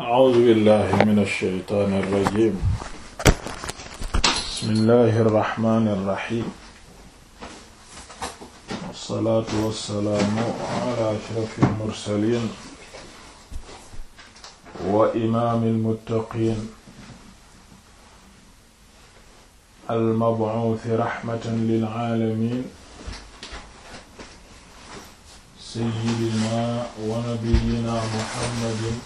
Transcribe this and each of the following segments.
A'uuzu billaahi mina shaytaani rajiim. Bismillaahi rahmaani rahiim. Wassalaatu wassalaamu alaa ashrafil mursaliin. wa imaamil muttaqiin. al-mab'uusi rahmatan lil aalamiin. Sayyidinaa wa nabiyyinaa Muhammadin.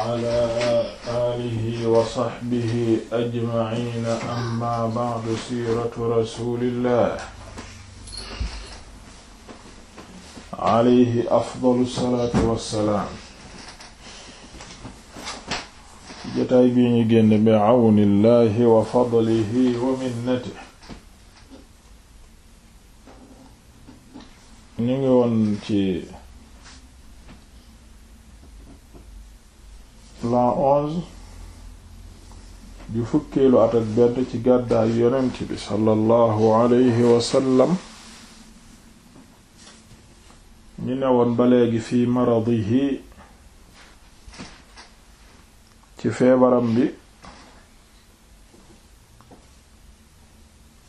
وعلى آله وصحبه أجمعين أما بعد سيرة رسول الله عليه أفضل الصلاة والسلام jotaay bi ñu génn bi awni llahi wa fadlihi wa minnatihi ñu ngi woon ci l'an onze di fukkeelu at ak benn ci gàddaay yonent bi sallallahu alayhi wasallam ñu newoon ba léegi fi maradihi ci feebaram bi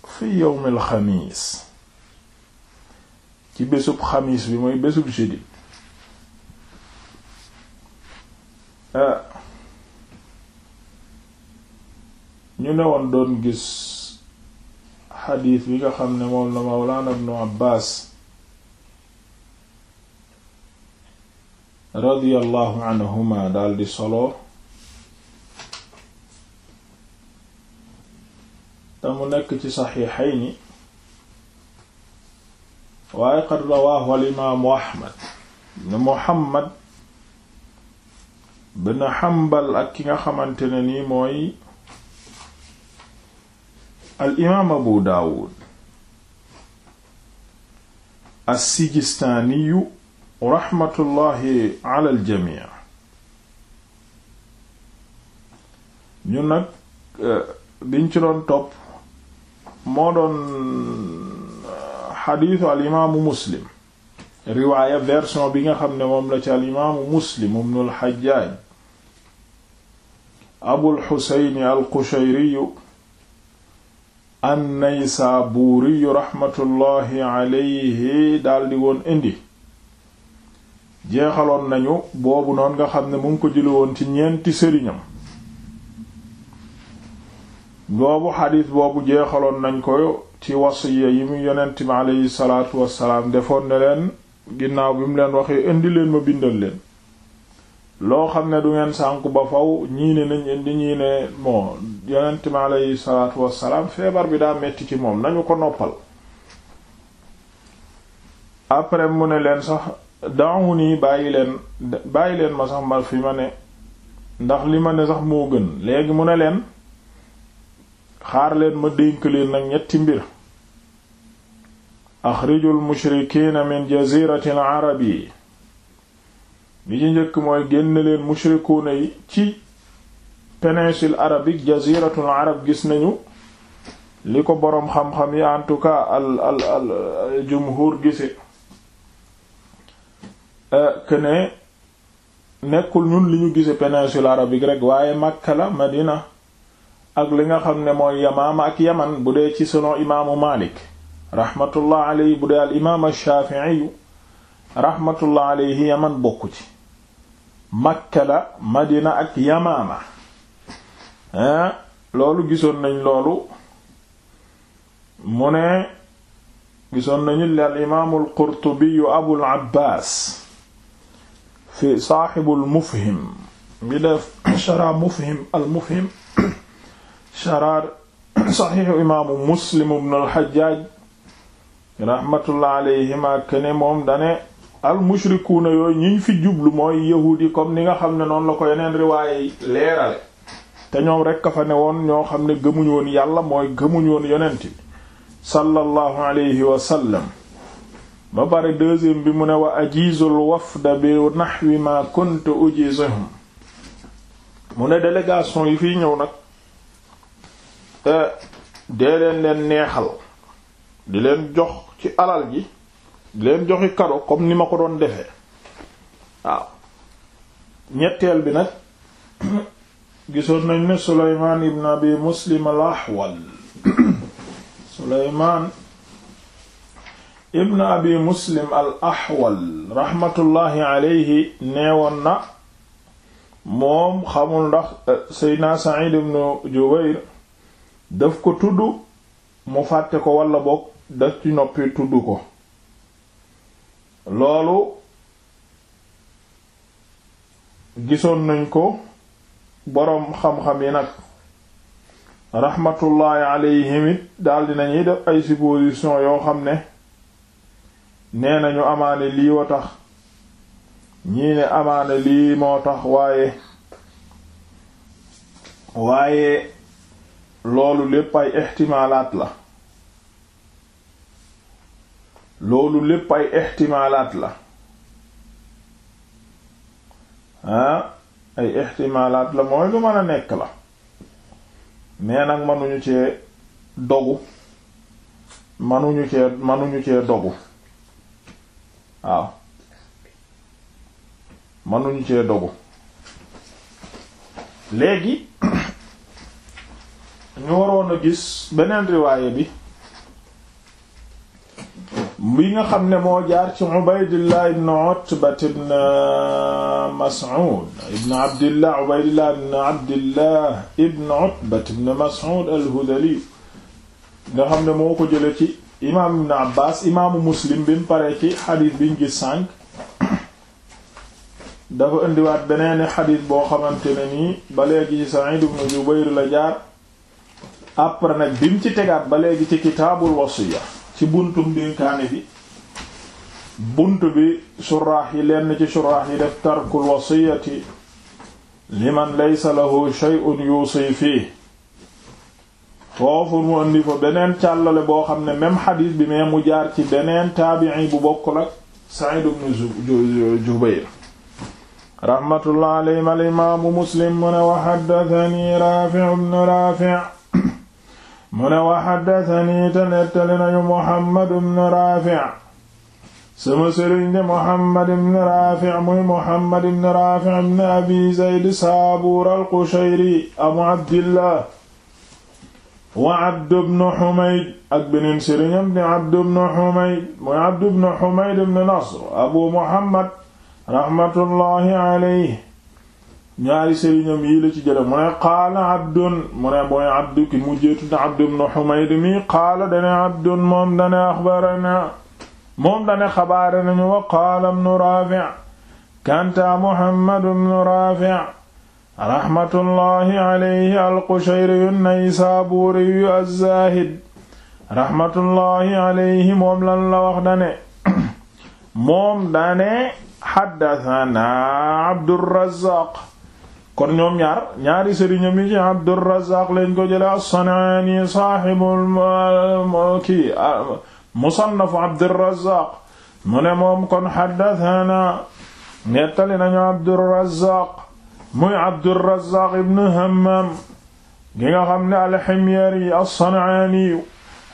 fi yawmil xamiis ci bésub xamiis bi mooy bésub jeudi Ah. ñu ne woon doon gis xadiis bi nga xam ne moom la mawlaana anhuma daldi solo te mu nekk ci saxiixayni waaye qad rawaahu al imaamu Ahmad ibnu bin Hanbal ak ki nga xamante ne nii mooy al imaam Abu Daawud as-Sijistaaniyu raxmatullahi ala al jamii ñu nag eh, biñ ci doon topp moo doon eh, al imaamu Muslim riwaaya version bi nga xam ne moom la ci al imaamu muslim ibnul xajjaaj abul xuseyni al qusheyriyu an naysaabuuriyu raxmatullaahi aleyhi daldi woon indi jeexaloon nañu boobu noon nga xam ne mu ngi ko jële woon ci ñeenti sëriñam boobu xadiis boobu jeexaloon nañ ko ci wasiya yi mu yonent bi aleyhi salaatu wassalaam defoon ne leen ginnaaw bi mu leen waxee indi leen ma bindal leen loo xam ne du ngeen sànku ba faw ñii ne nañ indi ñii ne moo yonent mi aleyhi salaatu wassalaam feebar bi daa metti ci moom nañu ko noppal après mu ne leen sax daawu nii bàyyi leen bàyyi leen ma sax ma fi ma ne ndax li ma ne sax moo gën léegi mu ne leen xaar leen ma dénk leen nag ñetti mbir axriju almushrikiina min jazirati alarabi yi bi ci njëkk mooy génn leen mushrikuuna yi ci péninsule arabique jaziratul arab gis nañu li ko boroom xam-xam yi en tout cas al al al jumhur gise euh, que nekkul ñun li ñu gisee péninsule arabique rek waaye Makka Madina ak li nga xam ne mooy Yamaama ak Yaman bu dee ci selon imaamu Maalik rahmatullah alayhi bu dee al imaam ash-Shafi'i rahmatullah alayhi yaman bokku ci Makka la Madina ak Yamaama hein loolu gisoon nañ loolu mu ne gisoon nañu li al imaam al-Qurtubi Abul Abbaas fi saaxibul Mufhim mi def shara Mufhim al-Mufhim shara saxiixu imaamu Muslim ibn al-Hajjaaj rahmatullah alayhima kene moom dane al mushrikuuna yooyu ñiñ fi jublu mooy yahuud yi comme ni nga xam ne noonu la ko yeneen riwaaye yi leerale te ñoom rekk a fa ne woon ñoo xam ne gëmuñ yàlla mooy gëmuñ woon yonent bi sallallahu alayhi wa ba pare deuxième bi mu ne wa ajizul wafda bi nahwi ma kuntu ujizuhum mu ne délégation yi fiy ñëw nag eh, dee leen leen neexal di leen jox ci alal ji leen joxi kado comme ni ma ko doon defe waaw ñetteel bi nag gisoon nañ ne Sulaymaan ibn Abi Muslim al rahmatullahi alayhi neewoon moom xamul ndax eh, Seydina Sa'id ibn Jubayr daf ko tudd mu fàtte ko walla bokk daf ci noppi tudd ko loolu gisoon nañ ko boroom xam-xam yi nag raxmatullaahi alayhim it daldi nañuy def ay supposition yoo xam ne nee nañu amaane lii wa tax ñii ne amaane lii moo tax waaye waaye loolu lépp ay ixtimaalaat la loolu lépp ay ixtimaalaat la ah ay ixtimaalaat la mooy lu mën a nekk la mais nag mënuñu cee dogu mënuñu cee mënuñu cee dogu waaw mënuñu cee dogu léegi ñu waroon a gis beneen riwaaye bi bi nga xam ne moo jaar ci Ubaydillah ibn Utba ibn Mas'ud ibn Abdillah Ubaydillah ibn Abdillah ibn Utba ibn Mas'ud al-Hudhali nga xam ne moo ko jële ci imaam ibn Abbas imaamu Muslim bi mu paree ci xadiis bi ñu gis sànq dafa indiwaat beneen xadiis boo xamante ne nii ba léegi ci Sa'id ibn Jubayr la jaar après nag bi mu ci tegaat ba léegi ci kitaabul wasiya ci buntum dénkaane bi bunt bi suraax yi ci suraax yi def tarkul wasiyati liman laysa lahu shay'un yuusi fii foofu mu andi fa beneen càllale boo xam ne même xadiis bi mais mu jaar ci beneen taabi'i bu bokkul ak Sa'id ibn rahmatullah alayhi al imaamu Muslim mu ne wa haddathani Raafi' ibn Raafi' mu ne wa xaddatani te nettali nañu Muhammad ibn Raafi' sama sëriñ de Muhammad ibn Raafi' muy Muhammad ibn Raafi' ibn Abi Zayd Saabuur al-Qushayri Abu Abdillah wa Abd ibn Humayd ak beneen sëriñam di Abd ibn Humayd muy Abd ibn Humayd ibn Nasr Abu Muhammad raxmatullaahi alayhi ñaari sëriñam yi la ci jële mu ne abdun mu mooy abdu ki mujjeetu abdu ibn Humayd mi qaala dane abdun moom dane axbarana moom dane xabaare nañu kanta Muhammad ibn Rafi' rahmatullahi alayhi al-Qushayri moom lan la wax moom dane haddathana Abdurrazzaq kon ñoom ñaar ñaari sëriñam yi ci Abdurrazzaq lañ ko jële as-San'aani saahibul kii musannaf Abdurrazzaq mu ne moom kon haddathana nettali nañu Abdurrazzaq muy Abdurrazzaq ibn Hammam gi nga xam ne al-Himyari as-San'aani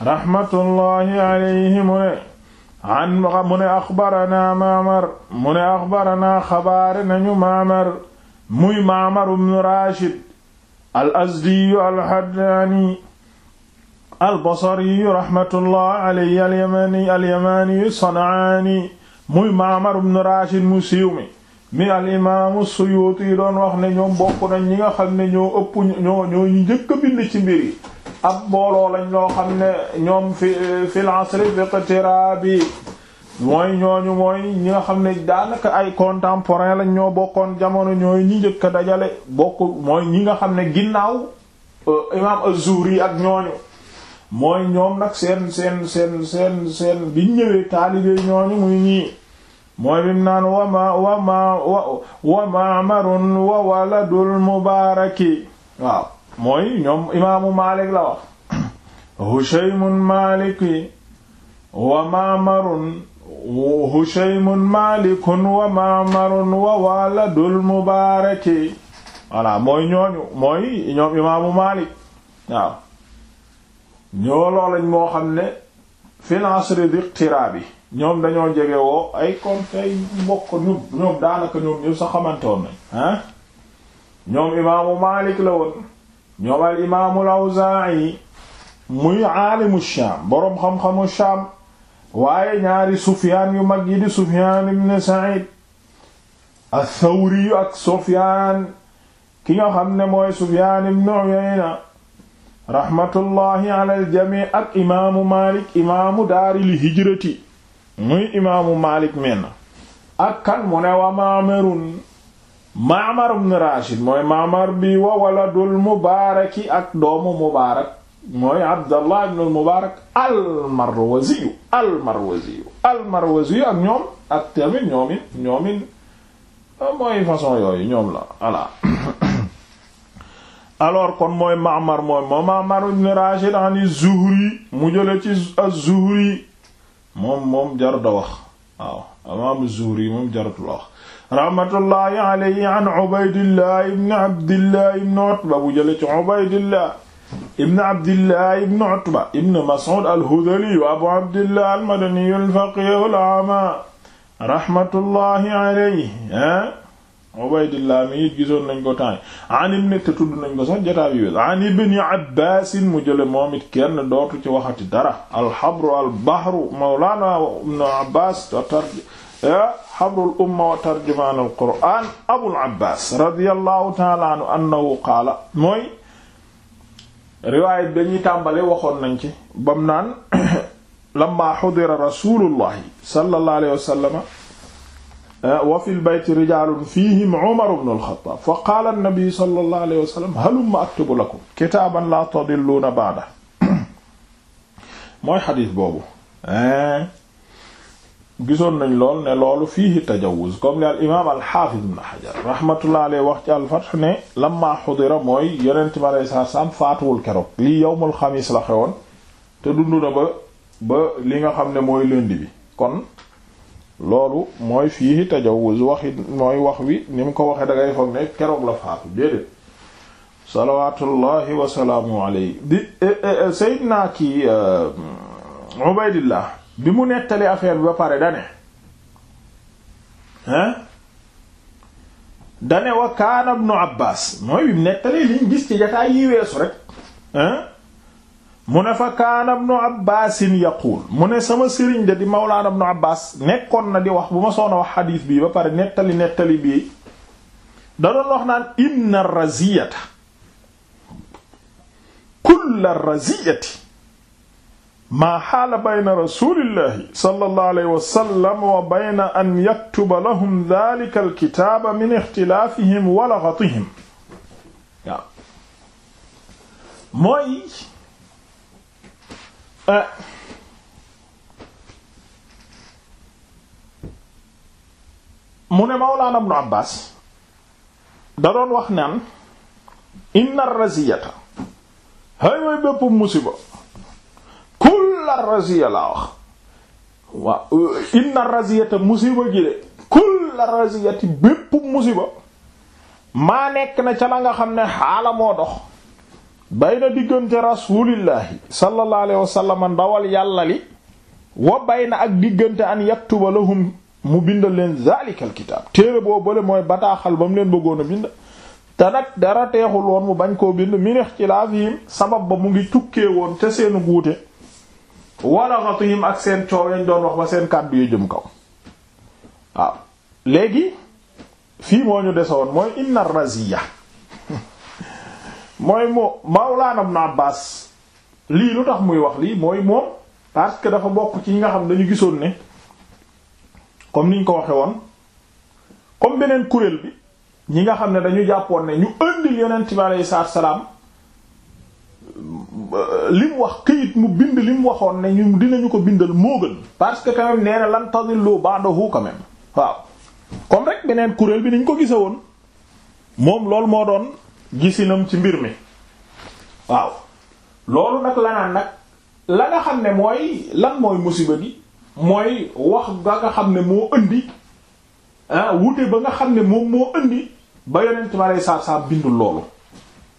rahmatullahi alayhi mu ne an mu ne axbarana Ma'mar mu ne axbarana xabaare nañu Ma'mar muy Ma'mar ibn Rashid al Azdi al Haddani al Basri rahmatullah alayhi al Yamani al muy Ma'mar ibn Rashid mu siiw mi mi al imaamu Suyuti doon wax ne ñoom bokk nañ ñi nga xam ne ñoo ëpp ñoo ñoo ñu njëkk ab mbooloo lañ loo xam ne ñoom fi fil asri bi iqtirabi mooy ñooñu mooy ñi nga xam ne daanaka ay contemporain lañ ñoo bokkoon jamono ñooy ñi njëkk dajale bokk mooy ñi nga xam ne ginnaaw euh, imaam ak ñooñu mooy ñoom seen seen seen seen seen biñ ñëwee taalibe ñooñu naan wama wama wa imaamu Maalik la wax Hushaymun Maaliki wa maamarun hushaymun malikun wa mamarun wa waladul mubaaraki voilà mooy ñooñu mooy ñoom imaamu malik waaw ñoo loolañ moo xam ne fil asri iqtiraabi ñoom dañoo jege woo ay comme ay mbokk ñoom ñoom daanaka ñoom ñëpp sax xamante woon nañ ñoom imaamu malik la woon ñoom al imaamul awzaa'i muy aalimu shaam boroom xam-xamu shaam waaye ñaari sufyaan yu mag yi di sufyaan ibn sa'id ath-thawri ak sufyaan ki nga xam mooy sufyaan ibn uyayna rahmatullahi ala al-jamii ak imaamu malik imaamu daaril hijrati muy imaamu malik men ak kan mu ne wa maamarun maamar ibn rashid mooy maamar bi wa waladul mubaaraki ak doomu mubaarak mooy abdallah ibn al mubarak al marwaziyu al marwaziyu al ak ñoom ak tamit ñoomin ñoomin ah, mooy façon yooyu ñoom la voilà alors kon mooy Ma'mar mooy moom Ma'mar ibn Rashid an Zuhri mu jële ci az-Zuhri moom moom wax waaw imaam Zuhri moom jarut la wax rahmatullahi alayhi an Ubaydillah ibn Abdillah ibn Utba bu jële ci Ubaydillah ibn abdillah ibn utba ibn mas'ud al-hudhali wa abu abdillah al-madani al-faqih al-a'ma rahmatullahi alayhi ah. Ubaydillah mi it gisoon nañ ko temps an ibn te tudd nañ ko sax jotaay bi an ibn Abbas mu jële moom it kenn dootu ci waxati dara al-habru al-bahru mawlana ibn Abbas wa ah, habrul umma wa tarjumaan al-Qur'an Abul Abbas radiyallahu ta'ala anhu annahu qaala mooy riwaaya bi dañuy tàmbale waxoon nañ ci bam naan lamma xudira rasulullahi sallallahu alayhi wa sallama eh, wa fil bayti rijaalun fiihim Umar ibn al-Khattaab fa qaala an-nabiyyu sallallahu alayhi wa sallam halumma aktubu lakum kitaaban laa tadilluuna ba'dahu mooy xadiis boobu eh. gisoon nañ lool ne loolu fiihi tajawuz comme li al imaam al xaafiz ibn Hajar rahmatullah alayhi wax ci al-Fath ne lamma xudira mooy yonent bi alayhi salaatu salaam faatuwul keroog lii yawmul xamiis la xewoon te dund na ba ba li nga xam ne mooy lundi bi kon loolu mooy fiihi tajawuz waxi mooy wax wi ni mu ko waxee da ngay foog ne keroog la faatu déedéet salawaatullahi wa salaamu alayhi di eh, eh, eh, Seydina ki euh, Ubaydillah bi mu nettali affaire bi ba pare dane hein dane wa kaana ibnu Abbaas mooy bi mu nettali liñ gis ci jataay yi weesu rek hein mu ne fa kaana ibnu Abbaasin yaquul mu ne sama sëriñ de di mawlaana ibnu Abbaas nekkoon na di wax bu ma soona wax xadiis bii ba pare nettali nettali bii da wax naan inna raziyata kulla raziyati maa xaala bayna rasulillahi sallallahu alayhi wa sallam wa bayna an yaktuba lahum dhalika alkitaaba min ixtilaafihim wa laghatihim waaw mooy mu ne Mawlaana Ibnu Abbaas da doon wax naan inna raziyata hay way bépp musiba illa raziya laa wax waaw euh, inna raziyata musiba ji de kulla raziyati bépp musiba maa nekk na ca nga xam ne xaala moo dox bayna diggante rasulillahi sallallahu alayhi wasallam ndawal yàlla li wa bayna ak diggante an yaktuba lahum mu bindal leen zalikal kitaab téere boo bële mooy bataaxal ba mu leen bëggoon a bind te nag dara teexul woon mu bañ koo bind minix ci laa sabab ba mu ngi tukkee woon te seen guute wala xatuhim ak seen coow yañ doon wax ba seen kàddu jëm kaw waaw léegi fii moo ñu desoon mooy inna raziya mooy moo Mawlaana Ibn Abbaas lii lu tax muy wax lii mooy moom parce que dafa bokk ci ñi nga xam dañu gisoon ne comme niñ ko waxe woon comme beneen kuréel bi ñi nga xam ne dañu jàppoon ne ñu ëndil yonent bi alayhi salaam li mu wax këyit mu bind li mu waxoon ne ñu dinañu ko bindal moo gën parce que quand même nee na lan tadillu ba'dahu quand même waaw comme rek beneen kuréel bi niñ ko gise woon moom loolu moo doon gisinam ci mbir mi waaw loolu nag la naan nag la nga xam ne mooy lan mooy musiba gi mooy wax ba nga xam ne moo indi ah wute ba nga xam ne moom moo indi ba yonent ma lay saab saab bindul loolu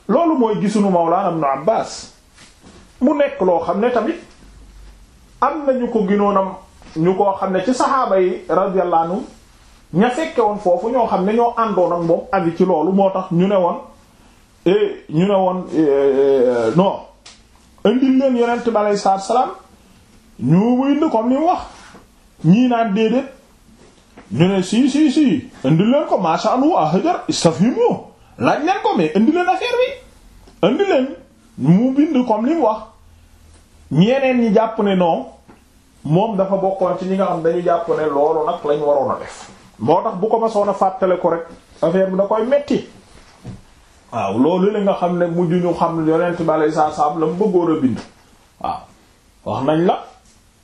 loolu mooy gisunu Mawlaana Ibn Abbaas mu nekk loo xam ne tamit am na ñu ko ginoonam ñu koo xam ne ci saxaaba yi radiyallahu anhu ña fekke woon foofu ñoo xam ne ñoo àndoon ak moom andi ci loolu moo tax ñu ne woon e, ñu ne woon e, e, non indil leen yonent bi aleyhi salaatu salaam ñu muy indi comme ni mu wax ñii naan déedéet ñu ne si si si indil leen ko macha allah hajar istafhimu laaj leen ko mais indi leen affaire bi mu bind comme li wax ñeneen ñi jàpp ne non moom dafa bokkoon ci ñi nga xam dañu jàpp ne loolu nag lañu waroon a def moo tax bu ko masoon a fàttale ko rek affaire bi da koy metti waaw loolu li nga xam ne mujj ñu xam yonent bi alei saatu salaam la mu bëggoon a wax nañ la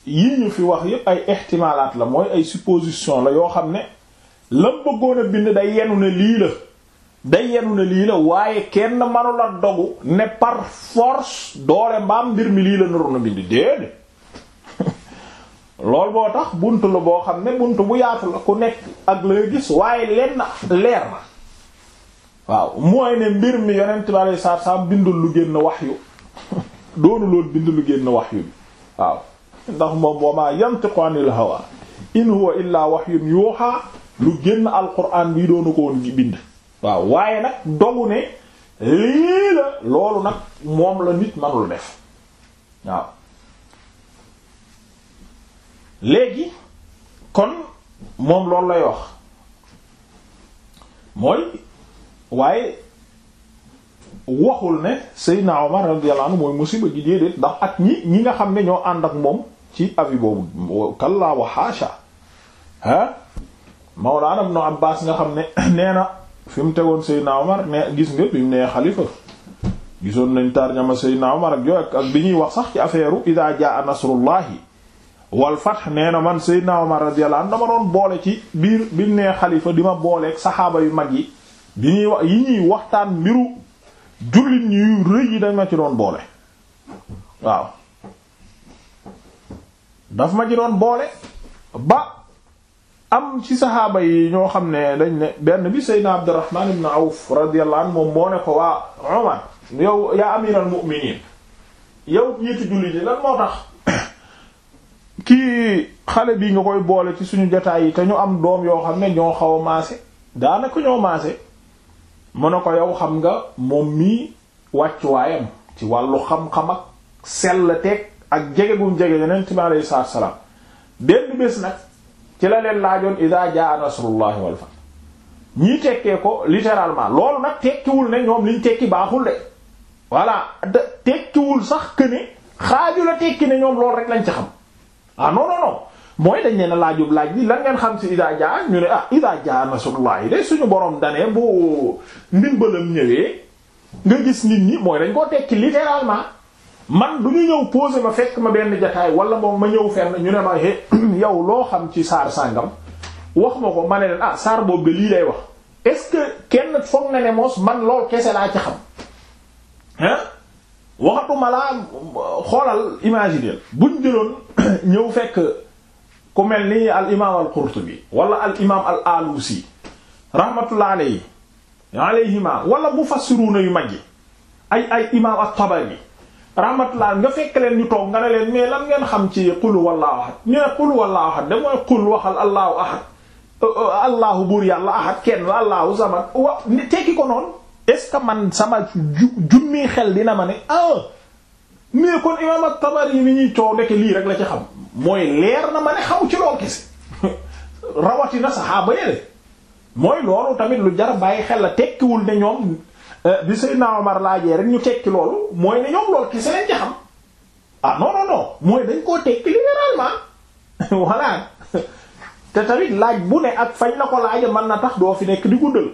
yii ñu fi wax yépp ay ihtimalaat la mooy ay supposition la yoo xam ne la mu bëggoon a bind day yenu ne lii la day yenu ne lii la waaye kenn manu la dogu ne par force doole mbaam mbir mi lii la naroon na bind déedéet loolu boo tax bunt la boo xam ne bunt bu yaatu la ku nekk ak la gis waaye lenn leer na waaw mooy ne mbir mi yonent bi alei saatu salaam lu génn wahyu doonu loolu bind lu génn wahyu bi waaw ndax moom wa ma yantiqu anil hawa in huwa illa wahyun yuha lu génn alquran bi doonu ko woon bind waaw waaye nag dogu ne loolu nag moom la nit manul def waaw léegi kon moom loolu lay wax mooy waaye waxul ne Seydina Omar radiyallahu anhu mooy musiba gi déedéet ndax ak ñi ñi nga xam ne ñoo ànd ak moom ci avis boobu kallaa wa haasha ha Mawlana Ibn Abbas nga xam ne nee na fi mu tegoon Seydina Omar ne gis nga bi mu nee xalifa gisoon nañ tarjama Seydina Omar ak yooyu ak bi ñuy wax sax ci affaire idaa jaa nasrullahi wal fath nee na man Seydina Omar radiyallahu anhu dama doon boole ci biir bi mu nee xalifa di ma booleeg saxaaba yu mag yi bi ñuy wax yi ñuy waxtaan mbiru jullit yu rëy yi dañ ma ci doon boole waaw daf ma ci doon boole ba am ci saxaaba yi ñoo xam ne dañ ne benn bi Seydina Abdurrahman ibn Awf radiyallahu anhu moom moo ne ko waa Umar yow yaa amiral mu'minin yow ñiitu jullit moo kii xale bi nga koy boole ci suñu jotaay yi te am doom yoo xam ne ñoo xaw a maase daanaka ñoo maase mu ne ko yow xam nga moom mii wàccuwaayam ci wàllu xam-xam ak sell teeg ak jege gum jege yeneen time alay salaam benn bés nag ci la leen laajoon iza jaa nasrullahi wal fath ñii tekkee ko littéralement loolu nag tekkiwul ne ñoom liñ tekki baaxul de voilà da tekkiwul sax que ne xaaju la tekki ne ñoom loolu rek lañ ci xam ah non mooy dañ ne na laajub laaj bi lan ngeen xam ci iza jaa ñu ne ah iza jaa nasrullahi de suñu boroom danee bu ndimbalam ñëwee nga gis nit ñi mooy dañ koo tekki littéralement man du ñu ñëw poser ma fekk ma benn jataay wala moom ma ñëw fenn ñu ne ma he yéen yow loo xam ci saar sàngam wax ma ko ma ne leen ah saar boobu de lii lay wax est-ce que kenn foog na ne moos man lool kese laa ci xam hein waxatuma laa xoolal imaginer buñ jëloon ñëw fekk ku mel ni al imaam al qurtubi wala al imaam al alusi rahmatullah alayhi alayhima wala mufassiruna yu mag yi ay ay imaam at tabari rahmatullah nga fekk leen ñu toog nga ne leen mais lan ngeen xam ci qul wallahu ahad ñu ne qul wallahu ahad da mooy qul waxal allahu ahad euh, euh, allahu buur yàlla ahad kenn la allahu samad wa tekki ko noonu est-ce que man sama ju junni xel dina ma ne ah mais kon imam at-Tabari ni ñuy coow ndeke lii rek la ci xam mooy leer na ma ne xaw ci lool kese rawatina saxaaba yele mooy loolu tamit lu jar bàyyi xel la tekkiwul ne ñoom Euh, bi Seydina Omar laajee rek ñu tekki loolu mooy ne ñoom lool kese lañ ci xam ah non non mooy dañ koo tekki littéralement voilà te tamit laaj bu ne ak fañ na ko laaja mën na tax doo fi nekk di guddal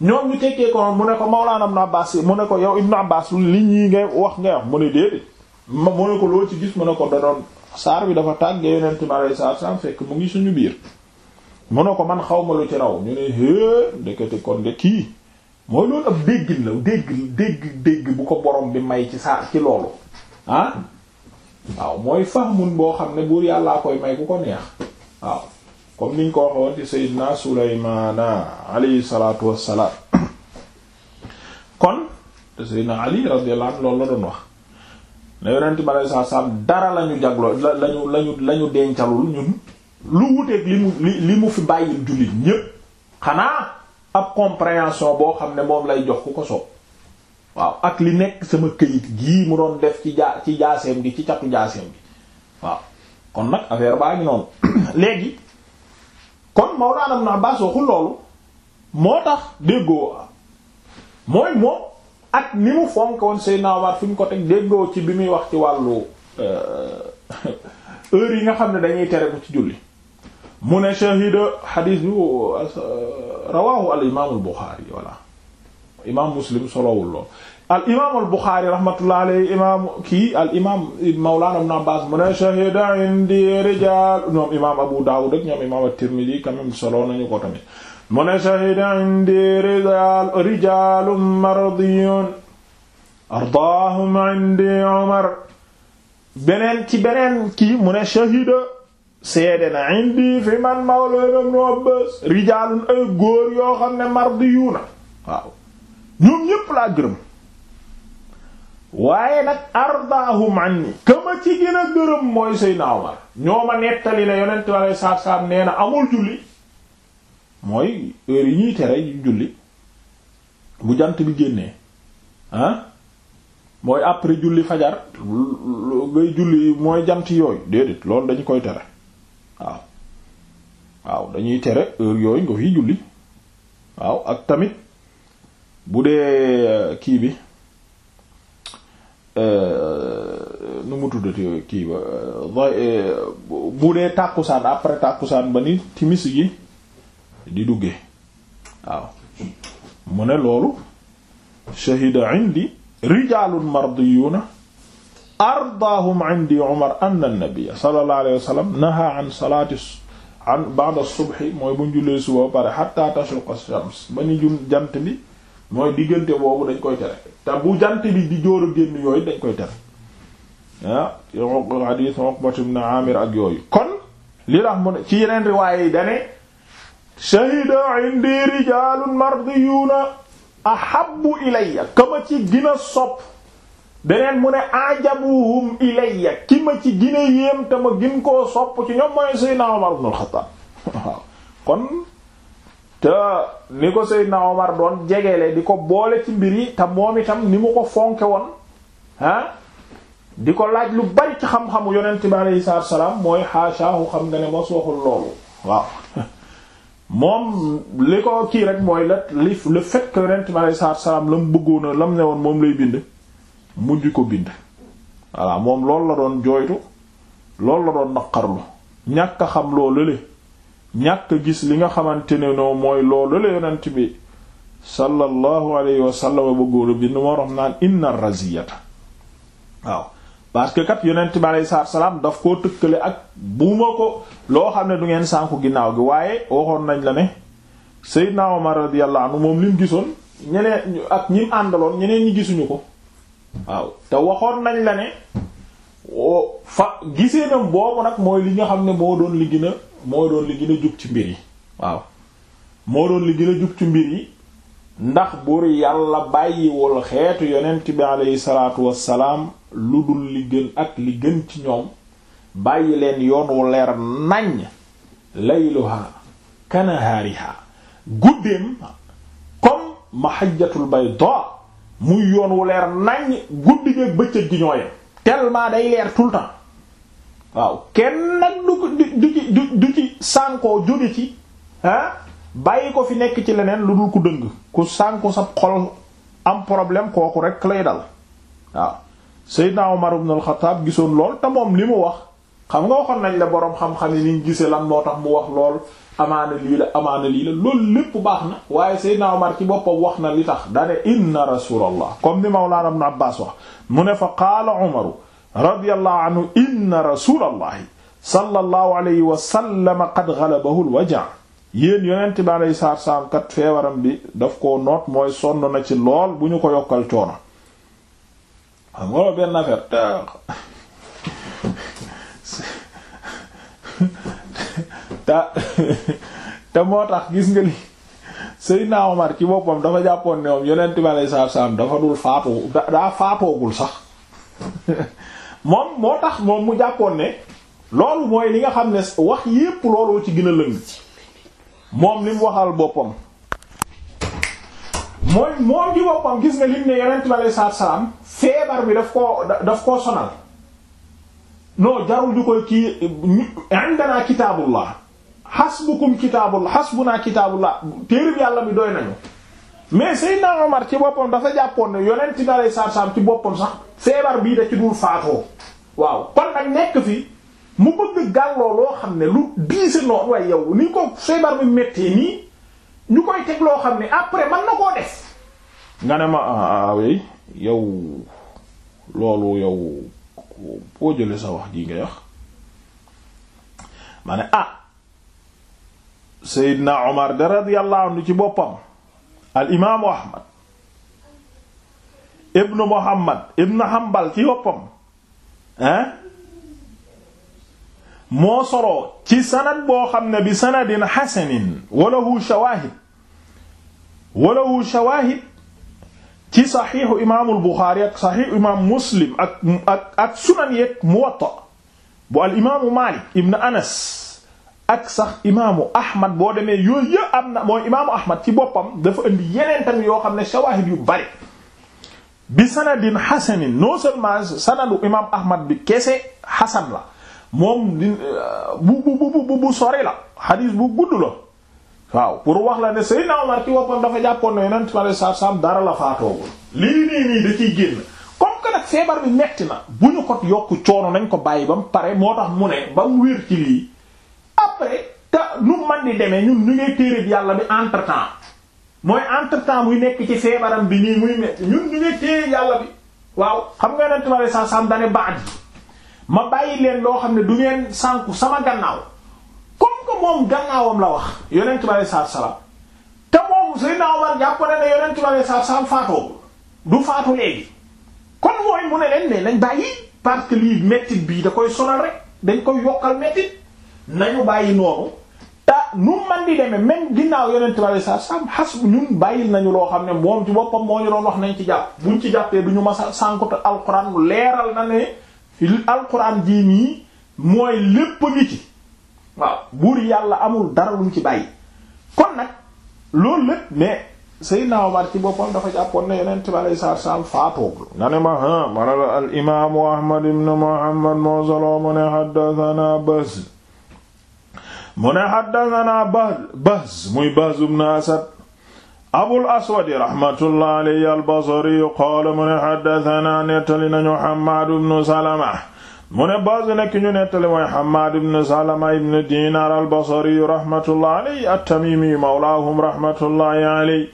ñoom ñu tekkee ko mu ne ko Mawlana Ibn Abbas mu ne ko yow Ibn Abbas li ñii ngay wax ngay wax mu ne déedéet mu ne ko loolu ci gis mu ne ko da doon saar bi dafa tàggee yonent mi alayhi salaatu salaam fekk mu ngi suñu biir mu ne ko man xaw ma lu ci raw ñu mooy loolu ab déggin la dégg dégg dégg bu ko borom bi may ci saa ci loolu ah waaw mooy fahmun boo xam ne buur yàllaa koy may ku ko neex waaw niñ ko waxoon ci Seydina Sulaymaana alayhi salaatu wassalaam kon te Seydina Ali radiyallahu anhu loolu la doon wax ne yonent bi alayhi salaatu wassalaam dara lañu jagloo lañu lañu lañu dencalul ñun lu wuteeg li mu li mu fi bàyyil jullit ñépp xanaa ab compréhension boo xam ne moom lay jox ku ko soob waaw ak li nekk sama këyit gii mu doon def ci jaa ci jaaseem gi ci catu jaaseem gi waaw kon nag affaire baa ngi noonu léegi kon Mawlana Ibn Abbas waxul loolu moo tax déggoo mooy moom ak ni mu fonk woon Seydina Omar fi ñu ko teg déggoo ci bi muy wax ci wàllu euh, heure yi nga xam ne dañuy tere ko ci julli mu ne shahida xadiis bi rawaahu al imaam al buxaari voilà imaam muslim solowul lool al imaam al buxaari rahmatullahi alayhi imaam kii al imaam mawlaana ibn abbaas mu ne shahida indi rijaal ñoom imaam abu daawud ak ñoom imaam at-tirmidhi quand même solo nañu ko tamit mu ne shahida indi rijaal rijaalun mardiyun ardaahum indi umar beneen ci beneen kii mu ne shahida seede na indi fi man mawlana ibn Abbas rijaalun ay góor yoo xam ne mardiyuna waaw ñoom ñépp laa gërëm waaye nag ardaahum anni kama ci gën a gërëm mooy Seydina Omar ñoo ma nettali ne yonent bi alei saatu nee na amul julli mooy heure yi ñuy tere julli bu jant bi génnee ah mooy après julli fajar ngay julli mooy jant yooyu déedéet loolu dañu koy tere waaw waaw dañuy tere heure yooyu nga fiy julli waaw ak tamit bu dee euh, kii bi euh, nu mu tuddati kii ba euh, bu dee tàkkusaan après tàkkusaan ba ni timis gi di duggee waaw mu ne loolu shahida indi rijalun ardaahum indi Umar anna an-nabiy sallallahu alayhi wa sallam naha an salaati an ba'da subhi mooy bu ñu jullee suba ba pare hatta tashruqa shams ba ñu jun jant bi mooy diggante boobu dañ koy tere te bu jant bi di jóor a génn yooyu dañ koy tere ah hadith Uqbat ibn Amir ak yooyu kon li tax mu ne ci yeneen riwaaye yi dane shahida indi rijalun mardiyuna ahabbu ilayya kama ci gina sopp beneen mu ne ajabuhum ilayya ki ma ci gine yéem te ma gin koo sopp ci ñoom mooy Seydina Omar ibn al-Khattab waaw kon te ni ko Seydina Omar doon jegeele di ko boole ci mbir yi te moom itam ni mu ko fonke woon ah di ko laaj lu bari ci xam-xamu yonent bi aleyhi salaatu salaam mooy xaasaahu xam nga ne mos waxul loolu waaw moom li ko kii rek mooy la li le fait yonent bi aleyhi salaatu salaam la mu bëggoona la mu ne woon moom lay bind mujj ko bind voilà moom loolu la doon jooytu loolu la doon naqarlu ñàkk a xam loolu le ñàkk gis li nga xamante ne noo mooy loolu la yonent bi sallallahu alayhi wa sallam bëggóora bind moo tax naan inna raziyata waaw que kat yonent bi alayhi salaatu salaam daf koo tëkkale ak bu ko loo xam ne du ngeen sànku ginnaaw gi waaye waxoon nañ la ne Seydina Omar radiyallahu anhu moom li gisoon ñeneen ak ñi àndaloon ñeneen ñi gisuñu ko waaw te waxoon nañ la ne fa gisee nam boobu nag mooy li nga xam ne moo doon liggina gën a moo doon li jub ci mbir yi waaw moo doon li jub ci mbir yi ndax buur yàlla bàyyiwul xeetu yonent bi aleyhi salaatu wassalaam lu dul li gën ak li gën ci ñoom bàyyi leen yoon wu leer nañ layluha kanahaariha guddeem comme mahajjatul bayda muy yoon wu leer nañ guddi gi ak bëccëg gi ñoo yem tellement day leer tout le waaw kenn nag du ci du ci sànkoo jóge ci ah bàyyi ko fi nekk ci leneen lu dul ku dëng ku sànku sa xol am problème kooku rek lay dal waaw Seydina Omar ibn al-Khattab gisoon lool te moom li mu wax xam nga waxoon nañ la boroom xam-xam yi niñ gisee lan moo tax mu wax lool amaana lii la amaana lii la loolu lépp baax na waaye Seydina Omar ci boppam wax na li tax dane inna rasulallah comme ni Mawlana Ibn Abbas wax mu ne fa qaala Umaru radiyallahu anhu inna rasulallahi sallallahu alayhi wa sallam qad ghalabahu al-waja' yéen yonent bi alayhi salaatu salaam kat feebaram bi daf koo noot mooy sonn na ci lool bu ñu ko yokkal coono te te moo tax gis nga li Seydina Omar ci boppam dafa jàppoon ne moom yonent bi alayhi salaatu salaam dafa dul faatoo daa faatoogul sax moom moo tax moom mu jàppoon ne loolu mooy li nga xam ne wax yépp looloo ci gën a lëng moom li mu waxal boppam mooy moom ci boppam gis nga lim ne yonent bi alayhi salaatu salaam feebar bi daf koo daf koo sonal non jarul di koy kii indanaa kitaabullah hasbukum kitaabullah hasbuna kitaabullah téere bi yàlla mi doy nañu mais Seydina Omar ci boppam dafa jàppoon ne yonent na lay sarsam ci boppam sax feebar bii da ci dul faatoo waaw kon nag nekk fi mu bëgg gàlloo loo xam ne lu diise noonu waaye yow ni ko feebar bi méttee nii ñu koy teg loo xam ne après man na koo def nga ne ma awey ah, ah, yow loolu yow boo jële sa wax ji ngay wax ma ne ah Seydina Omar de radiyallahu anhu ci boppam al imaamu Ahmad ibnu Muhammad ibnu Hanbal ci boppam ah moo soroo ci sanad boo xam ne bi sanadin xasanin walahu shawaahid walahu shawaahid ci saxiixu imaamul Buxaari ak saxiixu imaam Muslim ak ak ak sunan yeeg Muwatta bu al imaamu Maalik ibnu Anas ak sax imaamu Ahmad boo demee yooyu yëpp am na mooy imaamu Ahmad ci boppam dafa indi yeneen tamit yoo xam ne shawaahid yu bari bi sanadin hasanin non seulement sanadu imaam Ahmad bi kese hasan la moom di euh, bu bu bu bu sori la hadith bu gudd la waaw pour wax la ne Seydina Omar ci boppam dafa jàppoon ne Yonent sallallahu alayhi wasallam dara la faatoogul lii nii nii da ciy génn. comme que nag feebar bi metti na bu ñu ko yokk coono nañ ko bàyyi ba pare moo tax mu ne ba mu wér ci lii. après te nu man di demee ñun ñu ngay téere bi yàlla bi entre temps mooy entre temps muy nekk ci feebaram bi nii muy metti ñun ñu ngay téere yàlla bi waaw xam nga yonent bi sallallahu alayhi wasallam dane baat ma bàyyi leen loo xam ne du ngeen sànku sama gannaaw comme que moom gannaawam la wax yonent bi sallallahu alayhi te moom Seydina Omar jàpp na ne yonent bi sallallahu alayhi wasallam faatoo du faatu léegi kon mooy mu ne leen ne nañ bàyyi parce lii mettit bii da koy sonal rek dañ koy yokkal mettit nañu bàyyi noonu te nu man di demee même ginnaaw yonent bi sa sam xas ñun bàyyil nañu loo xam ne moom ci boppam moo ñu loo wax nañ ci jàpp buñ ci jàppee du ñu masa sànku te alquran mu leeral na ne alquran jii nii mooy lépp a ci waaw buur yàlla amul dara luñ ci bàyyi kon nag loolu lépp mais Seydina Omar ci boppam dafa jàppoon ne yonent bi alayhi salaatu salaam faatooglu nga ne ma ha ah, mana la al imaamu Ahmad ibn Muhammad moo soloo ne haddathana Bazz mu ne xaddasanaa bah bahz muy bahz ibn asad abul aswadi raxmatullah alayhi albasari qaala mu ne xaddasanaa nettali nañu xamaad ibn salama mu ne bahz nekk ñu nettali mooy xamaad ibn salama ibn diinaar albasari raxmatullah alayhi attamimi mawlaahum raxmatullahi alayhi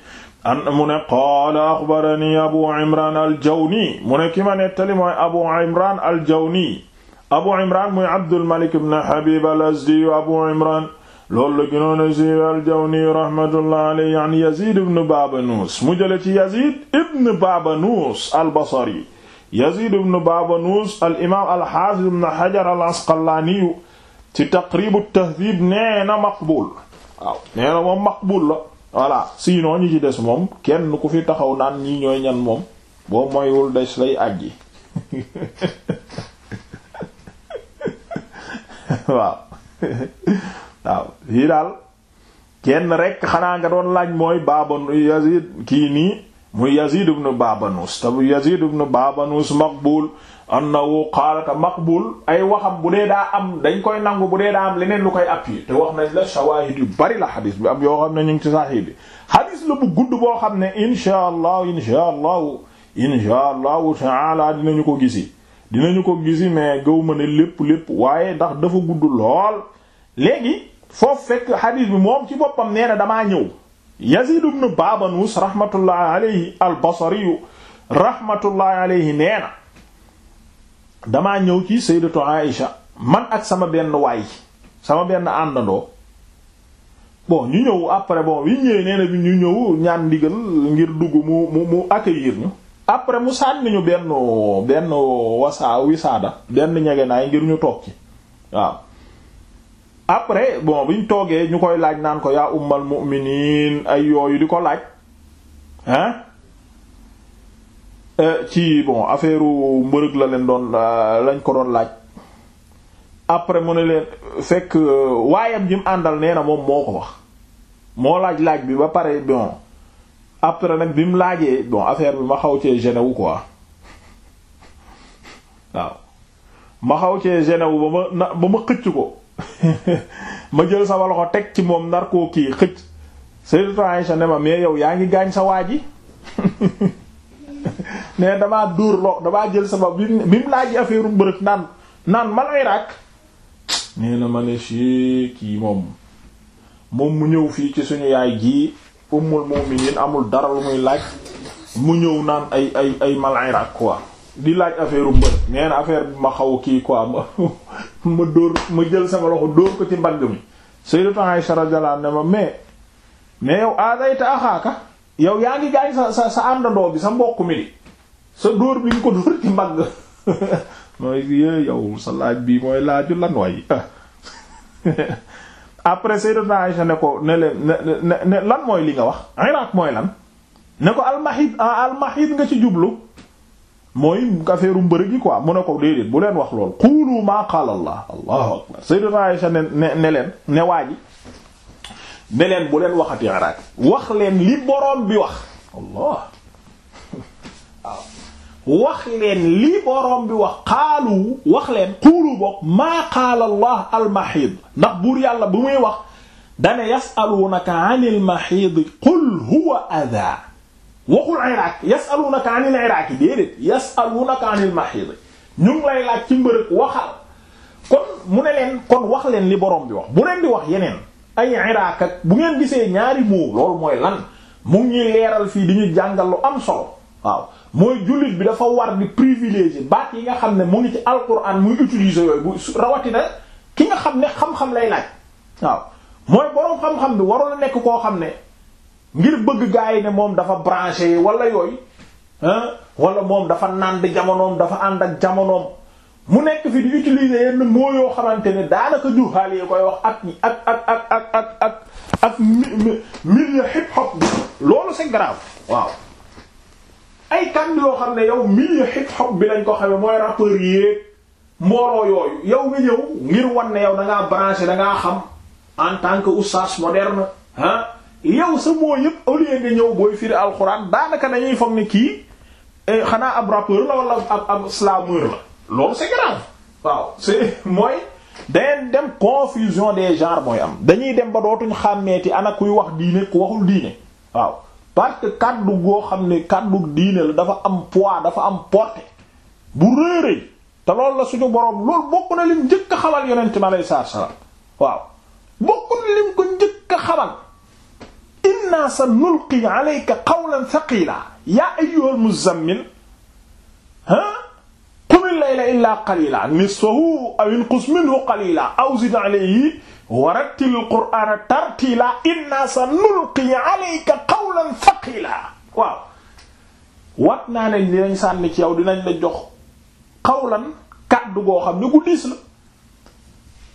an mu ne qaala axbarani abu imran aljawni mu ne ki ma nettali mooy abu imran aljawni abu imran muy abdul malik ibn habib al azdi abu imran loolu la gënoon a siiw al-Jawni rahmatullah alayhi an yazid ibn babanus mu jële ci yazid ibn babanus al-Basri yazid ibn babanus al imam al-hafiz ibn hajar al-Asqalani ci taqrib at-tahdhib nee na maqbul waaw nee na moom maqbul la voilà sinon ñi ci des moom kenn ku fi taxaw naan ñii ñooy ñan moom boo moywul des lay àgg waaw waaw daal kenn rekk xanaa nga doon laaj mooy baban Yazid kii nii muy Yazid ibn Babanus te Yazid ibn Babanus maqbul annahu qaalata maqbul ay waxam bu dee daa am dañ koy nangu bu dee am leneen lu koy appuyer te wax nañ la shawahid yu bari la xadis bi am yoo xam ne ñu ngi ci sahih bi bu gudd boo xam ne inshaa allahu inshaa allahu inshaa allahu taala dinañu ko gisi dinañu ko gisi mais gaw ma lépp lépp waaye ndax dafa gudd lool léegi foofu fekk xadiis bi moom ci boppam nee na damaa ñëw Yazid ibn Babanus rahmatullahi alayhi al-Basri rahmatullahi alayhi nee na damaa ñëw ci sayyidatu Aïsha man ak sama benn waay sama benn àndandoo bon ñu ñëw après bon wi ñëwee nee bi ñu ñëw ñaan ndigal ngir dugg mu mu mu accueillir ñu après mu sànni ñu benn benn wasa wisaada benn ñegenaay ngir ñu toog ci waaw après bon bi ñu toogee ñu koy laaj naan ko yaa ummal mu'minin ay yooyu di ko laaj hein euh, ci bon affaire mbërëg la leen doon euh, lañ ko doon laaj après mu ne leen fekk euh, waayam jim àndal nee na moom moo ko wax moo laaj laaj bi ba pare bon après nag bi mu laajee bon affaire bi ma xaw cee gêné wu quoi waaw ma xaw cee gêné ba ma ba ma xëcc ko ma jël sama loxo teg ci moom nar koo kii xëcc Sayyidatu Aisha ne ma mais yow yaa ngi gaañ sa waa ji ne damaa dóor lo damaa jël sama bi mu laajee affaire mbërëg naan naan man Irak nee na ma ne si kii moom moom mu ñëw fii ci suñu yaay ji ummul mu'minin amul dara lu muy laaj mu ñëw naan ay ay ay malin ak quoi di laaj affaire u mbër nee na affaire bi ma xaw kii quoi ma ma dóor ma jël sama loxo dóor ko ci mbagg mi Sayyidatu Aisha mais mais yow aadayta yow yaa ngi gaañ sa sa sa àndandoo bi sa mbokk dóor bi nga ko dóor ci mbagg mooy yow sa laaj bi mooy laaju lan way après sayyidatuna Aisha ne ko ne ne ne lan mooy li nga wax iraq mooy lan ne ko almahid ah almahid nga ci jublu mooy affaire mbërëg yi quoi mu ne ko déedéet bu leen wax lool qulu ma qala allah allahu akbar sayyidatuna Aisha ne ne leen ne waa ji ne leen bu leen waxati iraq wax leen li boroom bi wax allah waaw wax leen li boroom bi wax xaalu wax leen xuulu bokk maa qaala allah almaxiid ndax buur yàlla bu muy wax dane yasaluunaka an almaxiid qul huwa adaa waxul iraq yasaluunaka an il iraq yi an almaxiid ñu ngi lay laaj ci mbërëg waxal kon mu ne leen kon wax leen li boroom bi wax bu leen di wax yeneen ay iraq ak bu ngeen gisee ñaari moo loolu mooy lan mu ngi leeral fii di ñu jàngal lu am solo waaw mooy jullit bi dafa war di privilégier baat yi nga xam ne mu ngi ci alquran muy utiliser yooyu bu rawatina ki nga xam ne xam-xam lay laaj waaw mooy boroom xam-xam bi waroon a nekk koo xam ne ngir bëgg gaa yi ne moom dafa branché wala yooyu wala moom dafa nànd jamonoom dafa ànd ak jamonoom mu nekk fi di utiliser yenn moo yoo xamante ne daanaka juhaal yi koy wax ak ak ak ak ak ak ak ak milieu hip hop bi loolu c'est grave waaw ay kàddu yoo xam ne yow milieu hip hop bi lañ ko xamee mooy rappeur yéeg mbooloo yooyu yow nga ñëw ngir wan ne yow da ngaa branché da ngaa xam en tant que oustaz moderne ah yow sa moo yëpp au lieu ñëw booy firi alxuraan daanaka dañuy foog ne kii eh, xanaa ab rappeur la wala ab ab slameur la loolu c'est grave waaw c'est mooy dañuy dem confusion des genres mooy am dañuy dem ba dootuñ xàmmeeti ana kuy wax diine ku waxul diine waaw. parce que kàddu goo xam ne kàddu diine la dafa am poids dafa am portée bu réeréy te loolu la suñu boroom loolu bokk na lim njëkk a xamal yonent mi alayhi salaatu salaam waaw bokk na lim ko njëkk a xamal inna sa nulqi alayka qawlan thaqila yaa ayyuhal muzzammil ha qumil layla illa qalila nisfahu aw inqus minhu qalila aw zid alayhi warattilil qur'aana tartiila inna sanulqi alayka qawlan thaqila waaw wat naa ne dinañ sànni ci yow dinañ la jox qawlan kàddu goo xam ne gu diis la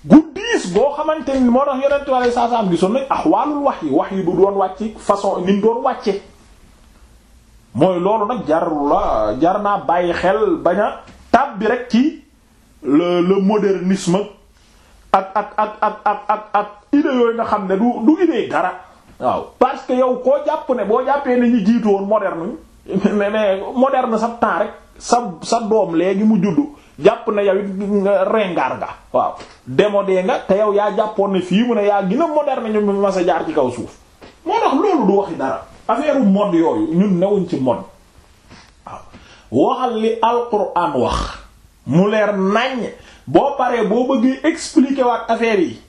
gu diis goo xamante ni moo tax yonentu Yàlla saa saa am gisoon nañ ahwaalul wahyi wahyi bu doon wàcc façon ni mu doon wàcce mooy loolu nag jar la jar naa bàyyi xel bañ a tàbbi rek ci le le modernisme ak ak ak ak ak ak ak yooyu nga xam ne du du idée dara waaw parce que yow koo jàpp ne boo jàppee ne ñu jiitu woon moderne mais mais moderne sa temps rek sa sa doom léegi mu juddu jàpp ne yow nga rengaar nga waaw démodé nga te yow yaa jàppoon ne fii mu ne yaa gën a moderne ñu ma sa jaar ci kaw suuf moo tax loolu du waxi dara affaire mode yooyu ñun newuñ ci mode waaw waxal li alquran wax mu leer naññ boo paree boo bëggee expliqué waat affaire yi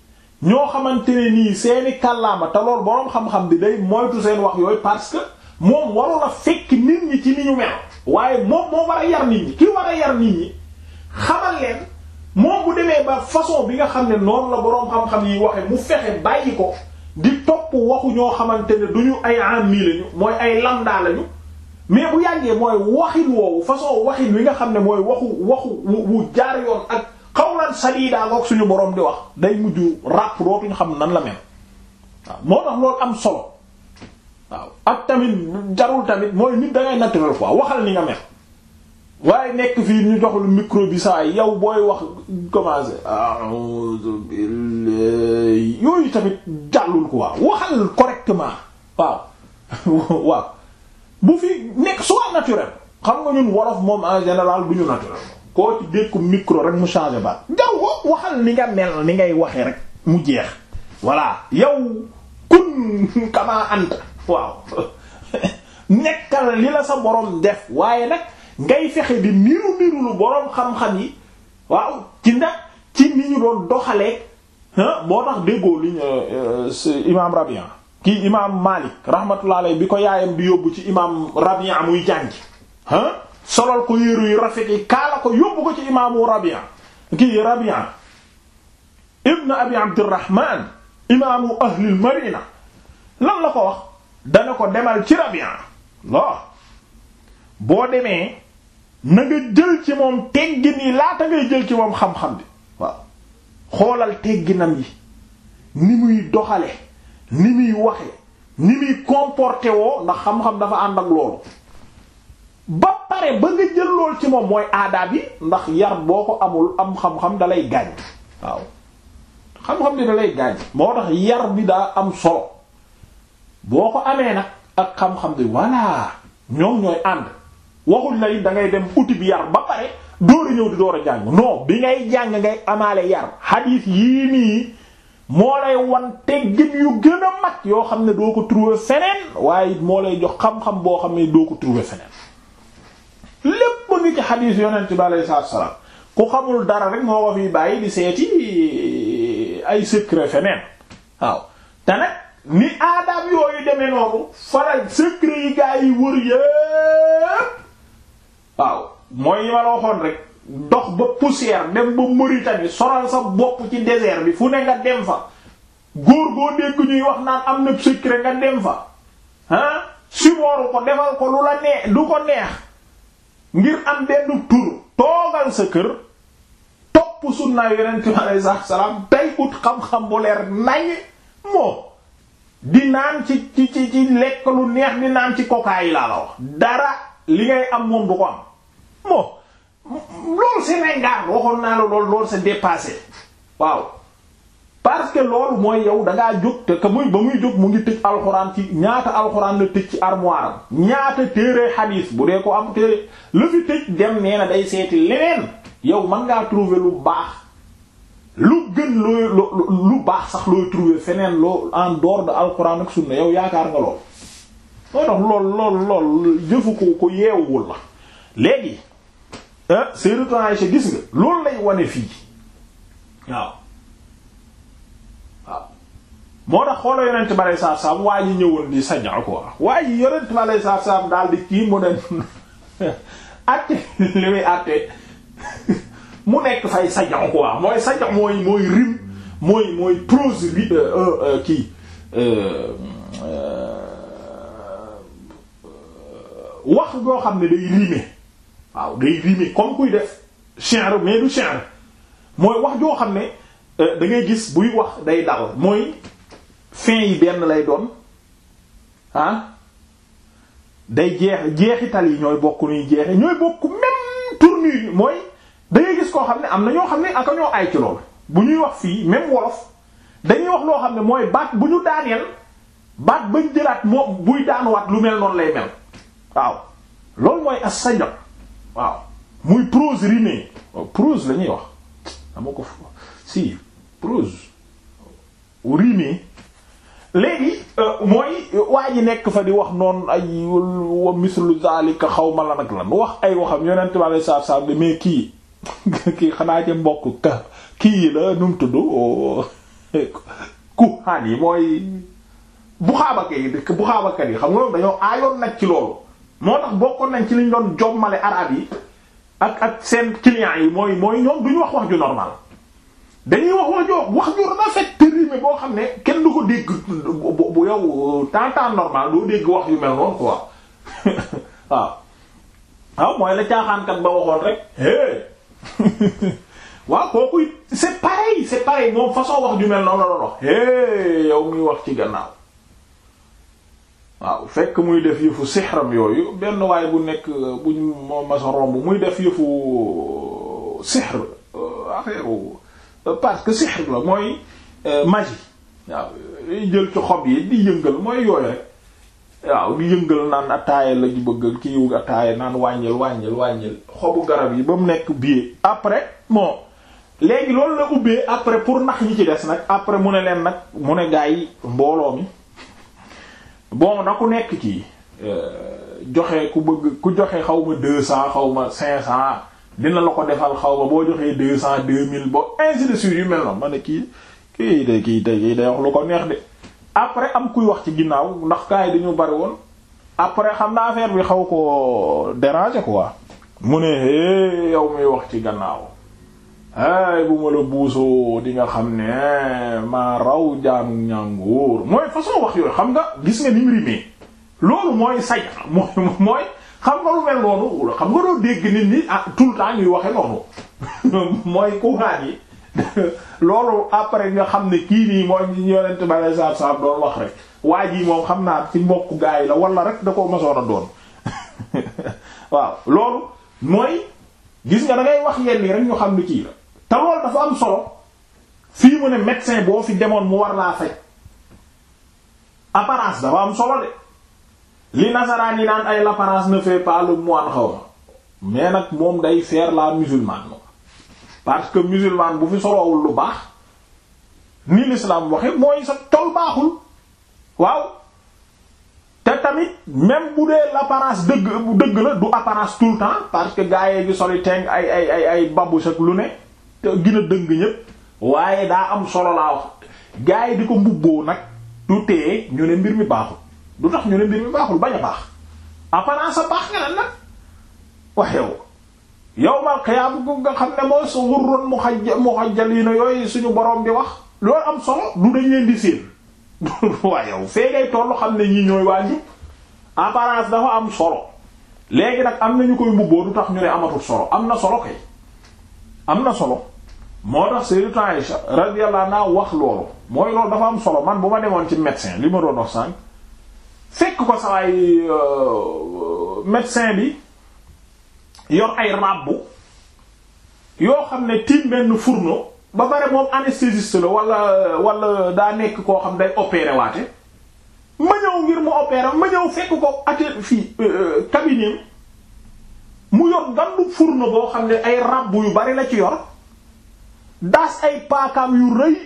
ñoo xamante ne nii seeni kàllaama te lool boroom xam-xam bi day moytu seen wax yooyu parce que moom waroon a fekk nit ñi ci ni ñu mel waaye moom moo war a yar nit ñi ki war yar nit ñi xamal leen moom bu demee ba façon bi nga xam ne noonu la boroom xam-xam yi waxe mu fexe bàyyi ko di topp waxu ñoo xamante ne duñu ay ami lañu mooy ay lambda lañu mais bu yàggee mooy waxin woowu façon waxin wi nga xam ne mooy waxu waxu wu jaar yoon ak qawlan sadida goog suñu boroom di wax day mujj ràpp dootuñ xam nan la mel waaw moo tax loolu am solo waaw ak tamit jarul tamit mooy nit da naturel quoi waxal ni nga mel waaye nekk fii ñu jox lu micro yow booy wax commencé yooyu tamit jàllul quoi waxal correctement waaw bu fi nekk soit naturel xam nga ñun wolof moom en général du ñu naturel koo ci dékku micro rek mu changé baat jaw ko waxal ni nga mel ni ngay waxe rek mu jeex voilà yow kun kamaa anta waaw nekkal li la sa borom def waaye nag ngay fexe di niru niru lu borom xam-xam yi waaw ci nag ci ni ñu doon doxalee moo tax déggoo li ñu euh, euh, imaam Rabia kii imaam Malik rahmatullah alayhi bi ko yaayam di yóbbu ci imaam Rabia muy jàngi ah solal ko yéeru yu rafet yi kaala ko yóbbu ko ci imaamu Rabia kii Rabia ibn abi abdirahman imaamu ahlil marina lan la ko wax dana ko demal ci Rabia lo boo demee na nga jël ci moom teggin yi laata ngay jël ci moom xam-xam bi waaw xoolal tegginam yi ni muy doxale ni muy waxe ni muy comporté woo ndax xam-xam dafa ànd ak loolu pare ba nga jël lool ci moom mooy aadaab yi ndax yar boo ko amul am xam-xam dalay gaañ waaw xam-xam bi moo tax yar bi daa am solo boo ko amee nag ak xam-xam bi voilà ñoom ñooy ànd waxul lay da ngay dem uti bi yar ba pare door a ñëw di door a jàng non bi ngay jàng ngay amaale yar xadiis yii nii moo lay wan teggin yu gën a mag yoo xam ne doo ko trouver feneen waaye moo lay jox xam-xam boo xam ne doo ko trouver feneen lépp mu ci xadiis yonent bi alayhi salaam ku xamul dara rek moo ko fi bàyyi di seeti ay secret feneen waaw te nag ni aadaam yooyu demee noonu faral secret yi gaa yi wër yépp waaw mooy yi ma la rek dox ba poussière dem ba Mauritanie soral sa bopp ci désert bi fu ne nga dem fa góor goo dégg ñuy wax naan am na secret nga dem fa ah subooru ko defal ko lu la neex du ko neex ngir am benn tur toogal sa kër topp sunna yonent bi aleyhi salaatu salaam tey ut xam-xam bu leer nañ moo di naan ci ci ci ci lekk lu neex di naan ci coca yi laa la wax dara li ngay am moom du ko am moo loolu Sénégal waxoon naa la lool lool sa dépassé waaw parce que loolu mooy yow dangaa ngaa jóg te que muy ba muy jóg mu ngi tëj alxuraan ci ñaata alxuraan la tëj ci armoire ñaata téere xadiis bu dee ko am téere la fi tëj dem nee na day seeti leneen yow mën ngaa trouver lu baax lu gën looy lu baax sax looy trouver feneen loo en dehors de alxuraan ak sunna yow lool. moo lool jëfu ko ko yeewul la léegi ah Sayyidatu gis loolu day wane fii waaw. moo tax xoolal yonent bi aleyhi salaatu salaam waa ji ñëwoon di saña quoi waa ji yonent bi aleyhi salaatu daal di kii mu ne nekk fay saña quoi mooy saña mooy mooy rim mooy mooy prose ri euh, euh, euh, kii wax goo xam ne day riime waaw day riime comme kuy def shi'r mais du shi'r mooy wax joo xam ne dangay gis buy wax day dal mooy fin yi benn lay doon ah day jeex jeexital yi ñooy bokk nuy jeexe ñooy bokk même tournure yi mooy da ngay gis koo xam ne am na ñoo xam ne aka ñoo ay ci lool bu ñuy wax fii même wolof dañuy wax loo xam ne mooy baat bu ñu daaneel baat bañ jëlaat moo buy daanuwaat lu mel noonu lay mel waaw loolu mooy as waaw muy prose rimée oh, prose la ñuy wax dama ko si prose rimée léegi euh, mooy waa nekk fa di wax noonu ay wa mislu zalika xaw ma nag ak lan wax ay waxam yonent bi alei saatu salaam mais kii kii xanaa ci mbokk kii la nu mu tudd oh, kuhaan yi mooy buxaabaka yi dëkk buxaabakat yi xam nga dañoo aayoon nag ci loolu moo tax bokkoon nañ ci liñ doon jommale arab yi ak ak seen clients yi mooy mooy ñoom duñu wax wax ju normal dañuy wax wax joo wax ju rafet te rime boo xam ne kenn du ko dégg bu yow temps temps normal doo dégg wax yu mel noonu quoi waaw waaw mooy la caaxaankat ba waxoon rek é waaw kooku c'est pareil c'est moom façon wax ju mel noonu la doon wax é yow muy wax ci gannaaw waaw fekk muy def yëfu sixram yooyu benn waaye bu nekk buñ moo masa romb muy def yëfu euh, sixr euh, affaire Euh, parce que sihr la mooy euh, magie waaw jël ci xob yi di yëngal mooy yooyu rek waaw di yëngal naan ataaya la ñu bëgg kii wu ataaya naan wàññil wàññil wàññil xobu garab yi ba mu nekk biir après moo léegi loolu la ubbee après pour nax ñi ci des nag après mu ne leen nag mu ne gaa mbooloo mi bon nag ku nekk ci euh, joxe ku bëgg ku joxe xaw ma deux cent xaw ma cent dina la ko defal xaw ma boo joxee deux cent deux mille ba ainsi de suite yu mel noonu ma ne kii kii day kii day kii day wax lu ko neex de après am kuy wax ci ginnaaw ndax gars yi dañu bari woon après xam naa affaire bi xaw ko déranger quoi. mu ne hé yow muy wax ci gannaaw ay bu ma la buusoo di nga xam ne eh, maa raw jaanu ñàngoor mooy façon wax yooyu xam nga gis nga ni mu rimee loolu mooy say mooy mooy. xam nga lu mel noonu xam nga doo dégg nit ñi ah tout le temps ñuy waxe noonu mooy kuhaan yi loolu après nga xam ne kii nii mooy ñu yonent bi alei saatu doon wax rek waa ji moom xam naa ci mbokku gaa yi la wala rek da ko masoon a doon waaw loolu mooy gis nga da ngay wax yenn yi rek ñu xam ne kii la te loolu dafa am solo fii mu ne médecin boo fi demoon mu war naa faj apparence dafa am solo de li nasaraan yi naan ay l'apparence ne fait pas le moine xaw ma mais nag moom day faire la musulmane moom parce que musulman bu fi solowul lu baax ni l'islam waxe mooy sa tol baaxul waaw te tamit même bu dee l'apparence dëgg dëgg la du apparence tout le temps parce que gaa yee gi soli teng ay ay ay ay babus lu ne te gën a dëng ñépp waaye daa am solo laa wax gaa yi di ko mbubboo nag du tee ñu ne mbir mi baaxul du tax ñu ne mbir mi baaxul bañ a baax apparence a baax nga nag wax yow yawmal qiyaam bu nga xam ne mooy sa wurroon mu xaj mu xajaliina yooyu suñu boroom bi wax loolu am solo du dañ leen di yow fee ngay tollu xam ne ñii ñooy waa njub apparence dafa am solo léegi nag am na koy mbubboo du tax ñu ne amatul solo am na solo kay am na solo moo tax Sayyidatu Aïsha radiyallahu anha wax loolu mooy loolu dafa am solo man bu ma demoon ci médecin li ma doon wax sànq fekk ko sawaay euh, médecin bi yor ay rabbu yoo xam ne tiim benn fourneau ba pare moom anesthésiste la wala wala daa nekk koo xam day opérer waate ma ñëw ngir mu opérer ma ñëw fekk ko atel fii euh, cabinet mu yor gandu furno boo xam ne ay rabbu yu bari la ci yor daas ay paakaam yu rëy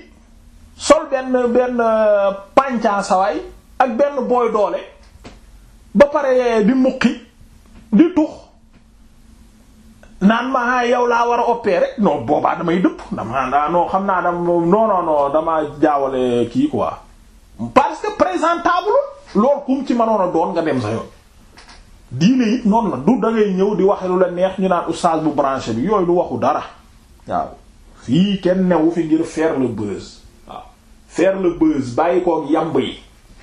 sol benn benn euh, pàncaa sawaay ak benn booy doole ba pare di muqi di tux naan ma ah, yow laa war a opérer non boobaa damay dëpp damaa daa non xam naa dama non non non jaawale kii quoi parce que présentable loolu kum ci ma a doon nga dem sa yoon. diine it noonu la du da ñëw di wax lu la neex ñu naan oustaz bu branché bi yooyu du waxu dara waaw fii kenn newu fi ngir faire le buzz waaw faire le buzz bàyyi koog yamb yi.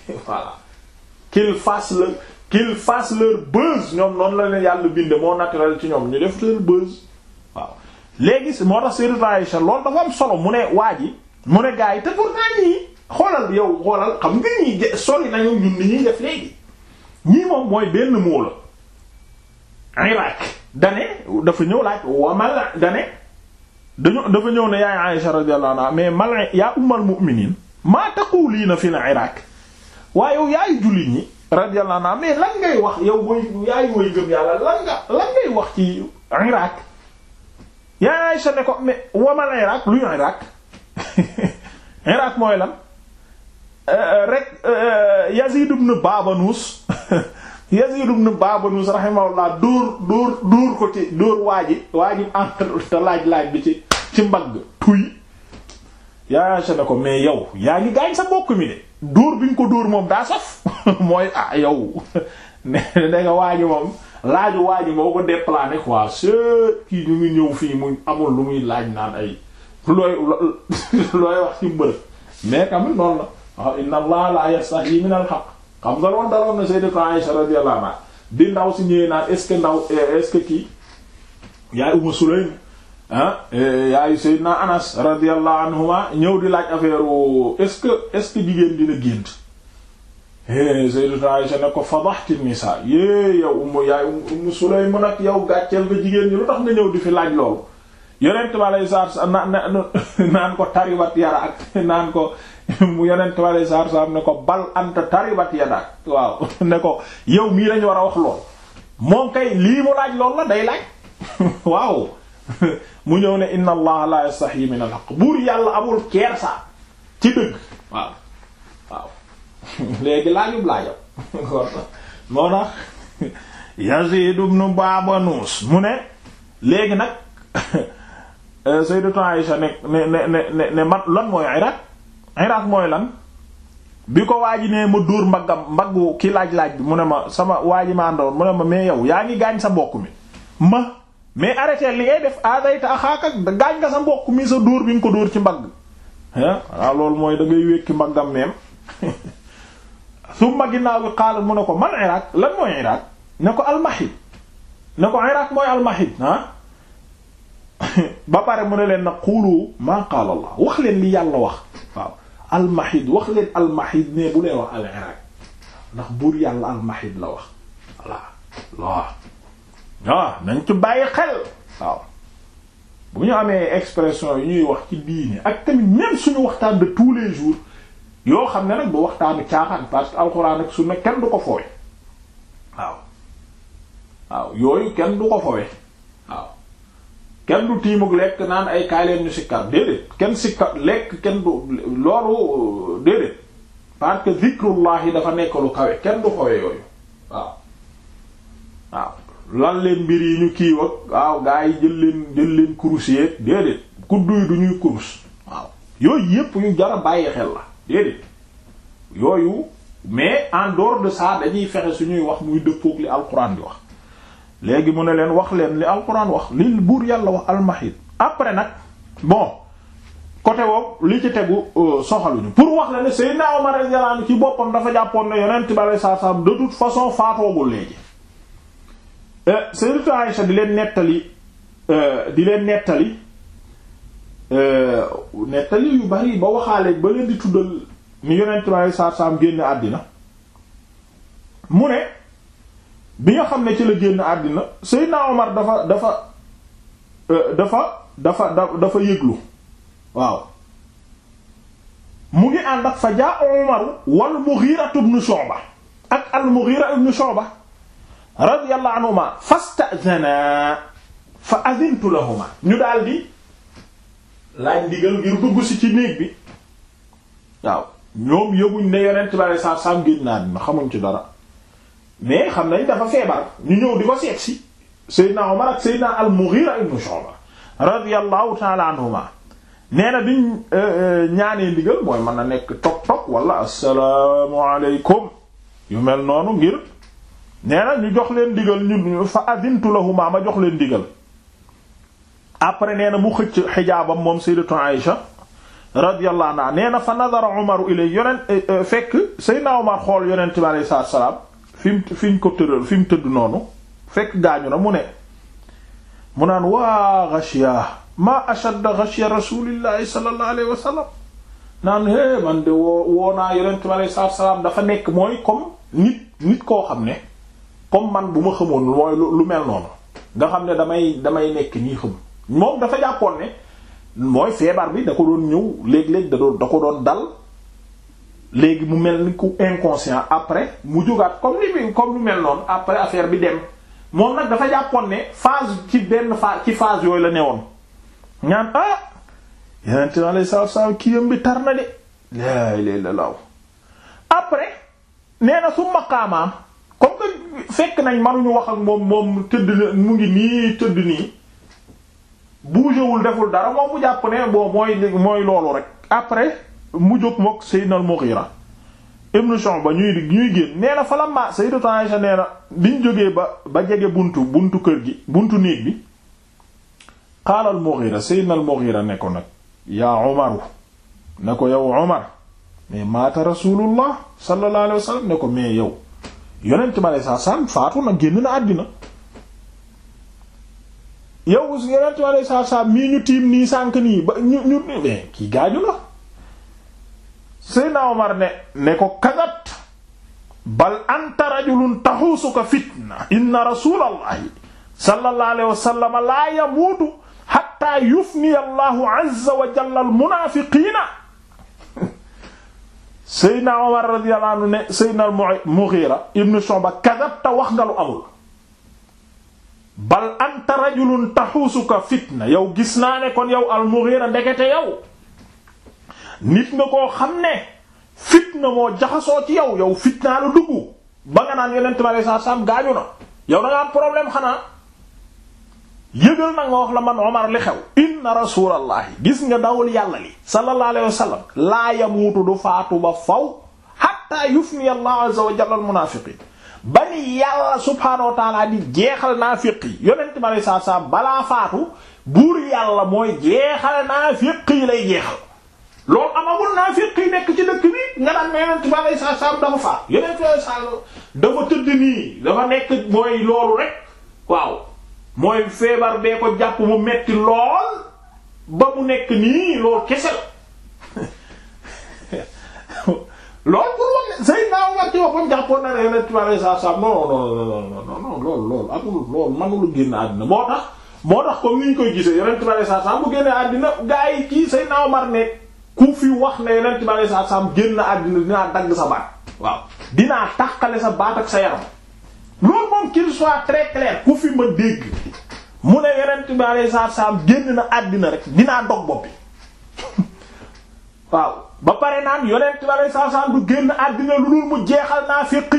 voilà qu'il fas la qu'il fas leur buzz ñoom noonu la leen yàlla binde moo naturel ci ñoom ñu def leur buzz waaw léegi moo tax Sayyidatu Aïcha loolu dafa am solo mu ne waa ji mu ne gars yi te pourtant ñii xoolal yow xoolal xam nga ñii sori nañu ñun ni ñuy def léegi ñii moom mooy benn moo la Irak dane dafa ñëw laaj wamal dane dafa ñëw ne yaay Aïcha radiyallahu anha mais mal yaa ummal mu'minin maa taqulina fil Irak waaye yow yaay jullit ñi radiyallahu anhu mais lan ngay wax yow booy yaay woy gëm yàlla lan ngay wax ci Irak yaay sa ne ko mais wamal Irak lu ñu Irak Irak mooy lan euh, euh, rek euh, Yazid ibn Babanus Yazid ibn Babanus rahimahullah dóor dóor dóor ko ci dóor waaji waaji entre laaj laaj bi ci ci mbagg tuy yaay sa ne ko mais yow yaa ngi gaañ sa bokk mi de dóor bi ñu ko dóor moom daa saf mooy ah yow ne waa waaji moom laaju waa waaji moo ko déplané quoi se kii ñu ngi ñëw fii mu amul lu muy laaj naan ay looy looy wax ci mbërëg mais tamit noonu la waaw ah, inna allah la yastahi min al haqq xam nga loolu daloon na sayyidatu Aisha radiyallahu anha di ndaw si ñëwee naan est-ce que ndaw eh, est kii yaay Ummu Sulaym ah yaayu Seydina Anas radiyallahu anhuma ñëw di laaj affaire est-ce que est-ce jigéen dina gént Seydina Aisha ne ko fadahti nisa yée yow umm yaay umm Sulaym nag yow gàcceel nga jigéen ñi lu tax nga ñëw di fi laaj loolu yonent bi alei saatu sa na naan ko taribat yara ak naan ko mu yonent bi alei saatu salaam ne ko bal anta taribat yara waaw ne ko yow mii lañu war a wax lool moom kay lii mu laaj lool la day laaj waaw mu ñëw ne inna allah la yastahi min al haqq buur yàlla amul kersa ci dëgg waaw waaw léegi laajub laajab kon moo tax Yazid ibn Babanus mu ne léegi nag euh, sayyidatu Aisha ne ne ne ne ne man lan mooy iraq iraq mooy lan bi ko waaji ne ma dóor mbaggam mbaggu ki laaj-laaj bi mu ne ma sama waaji ma àndoon mu ne ma mais yow yaa ngi gaañ sa mbokk mi ma mais arrêté li ngay def aadayta axaak ak gaañ nga sa mbokk mi sa dóor bi nga ko dóor ci mbagg waaw loolu mooy da ngay wékki mbaggam meem summa ginnaaw gi mu ne ko man iraq lan mooy iraq ne ko almahid ne ko iraq mooy almahid ba pare mu ne leen nag xuulu maa qaala allah wax leen li yàlla wax waaw almahid wax leen almahid ne bu leen ndax buur yàlla almahid la wax waaw ci bàyyi xel waaw bu ñu amee expression yu ñuy wax ci diine ak tamit même suñu waxtaan de tous les jours yoo xam ne nag bu waxtaanu caaxan parce que alxuraan ak sunna kenn du ko foowe waaw waaw yooyu kenn du ko foowe waaw kenn du tiimug lekk naan ay kaay leen ñu sikkar déedéet kenn sikkar lekk kenn du loolu déedéet parce que dafa nekk lu kawe kenn du foowe yooyu waaw waaw lan leen mbir yi ñu kiiw ak waaw gaa yi jël leen jël leen kurus yeeg déedéet kuddu yi du ñuy kurus waaw yooyu yépp yu jara bàyyi xel la déedéet yooyu mais en dehors de ça dañuy fexe suñuy wax muy dëppook li alquran di wax léegi mu ne leen wax leen li alquran wax li buur yàlla wax almahid après nag bon côté woowu li ci tegu euh, soxaluñu pour wax la ne Seydina Omar radiyallahu anhu ci boppam dafa jàppoon ne yonent bi sallallahu alayhi wasallam de toute façon faatoogul léegi Euh, Sayyidatu Aïsha di leen nettali euh, di leen nettali euh, nettali yu bari ba waxaale ba leen di tuddal ni yonent bi alei saatu salaam génn àddina mu ne bi nga xam ne ci la génn àddina Seydina Omar dafa dafa dafa dafa dafa yëglu waaw mu ngi ànd ak fa jaa Omar wal Mughira ibn Shu'ba ak al Mughira ibn Shu'ba radiyallahu anhuma fasta'zana fa azintu lahuma ñu daal di laaj ndigal ngir si ci néeg bi waaw ñoom yëguñ ne yonent bari saa saam génn naa dina ci dara mais xam nañ dafa feebar ñu ñëw di ko seet si Seydina Omar ak Seydina al-Mughira ta'ala anhuma nee na biñ euh, euh, ñaanee mooy mën na nekk toog toog wala assalaamu alaykum yu noonu ngir nee ñu jox leen digal ñu fa adintu lahuma ma jox leen digal après nee na mu xëcc xijaabam moom sayyidatu Aïsha radiyallahu anha nee na fa nadara Umar ilay eh, eh, fekk sayyidna Umar xool yonent bi alayhi salaatu salaam fi mu fi mu ko tëral fi mu tëdd noonu fekk gaañu na mu ne mu naan waa ghashiya ma ashadda ghashiya rasulillahi sallallahu alayhi wa sallam naan hé man de woo yonent bi alayhi salaatu dafa nekk mooy comme nit koo xam ne comme man bu ma xamoon mooy lu mel noonu nga xam ne damay damay nekk nii xam moom dafa jàppoon ne mooy feebar bi da ko doon ñëw léeg-léeg da doon da dal léegi mu mel ni ku inconscient après mu jógaat comme ni comme lu mel noonu après affaire bi dem moom nag dafa jàppoon ne phase ci benn phase ci phase yooyu la newoon ñaan ah yenente na alei salatu salaam ki yam bi tar na de laa ilay la laaw après nee na su maqaamaam fekk nañ mënuñu wax ak moom moom tëdd mu ngi nii tëdd nii bougéwul deful dara moom mu jàpp ne boo mooy mooy loolu rek après mu jóg mook Seydina al-Mughira ibn Shu'ba ñuy ñuy génn nee na falamma Sayyidatu Aisha nee biñ jógee ba ba jege buntu buntu kër gi buntu néeg bi qaala al-Mughira Seydina al-Mughira ne ko nag yaa Umaru ne ko yow Umar mais maata Rasulullah sallallahu alayhi wasallam ne ko mais yow yonent bi aleyhi salaatu salaam faatu na génn na àddina yow yonent bi aleyhi salaatu salaam mii ñu tiim nii sànk nii ba ñu ñu kii gaañu la Seydina Omar ne ne ko kazat bal anta rajulun taxuusuka fitna inna rasulallahi sallallahu alayhi wa sallam laa yamuutu hatta yufniya allahu azza wa jalla al munaafiqiina Seydina Omar radiyallahu anhu ne Seydina Mughira ibn Shu'ba kadabta wax nga amul bal anta rajulun taxuusuka fitna yow gis naa ne kon yow al Mughira ndekete yow nit nga koo xam ne fitna moo jaxasoo ci yow yow fitnaa la dugg ba nga naan yeneen tamit saa saam gaañu na yow da am problème xanaa. yëgal nag nga wax la man Omar li xew inna rasulallahi gis nga dawul yàlla li sallallahu alayhi laa yamuutu du faatu ba faw hatta yufni allah azza wa jalla ba ni yàlla subhaanahu wa taala di jeexal naafiq yi yonent mi alayhi salaatu salaam balaa mooy jeexal naafiq yi lay jeexal nekk ci dëkk bi nga daan ne yonent mi alayhi salaatu salaam dafa faatu yonent mi alayhi salaatu dafa tëdd nii dafa nekk mooy loolu rek waaw mooy feebar bee ko jàpp mu metti lool ba mu nekk nii lool kese lool pour wax Seydina Omar ci boppam jàppoon na ne Yonent bi alayhi salaatu salaam non non manul génn àddina moo tax moo tax ko ni ñu koy gisee Yonent bi alayhi salaatu salaam bu génnee àddina gaa yi kii Seydina Omar ne ku fi wax ne Yonent bi alayhi salaatu salaam génn àddina dinaa dagg sa baat waaw dinaa taxale sa baat ak sa yaram. loolu moom qu'il très clair ku fi ma dégg mu ne yonent bi alayhi salaatu génn na àddina rek dinaa dog bopp waaw ba pare naan yonent bi alayhi salaatu du génn àddina lu dul mu jeexal naafiq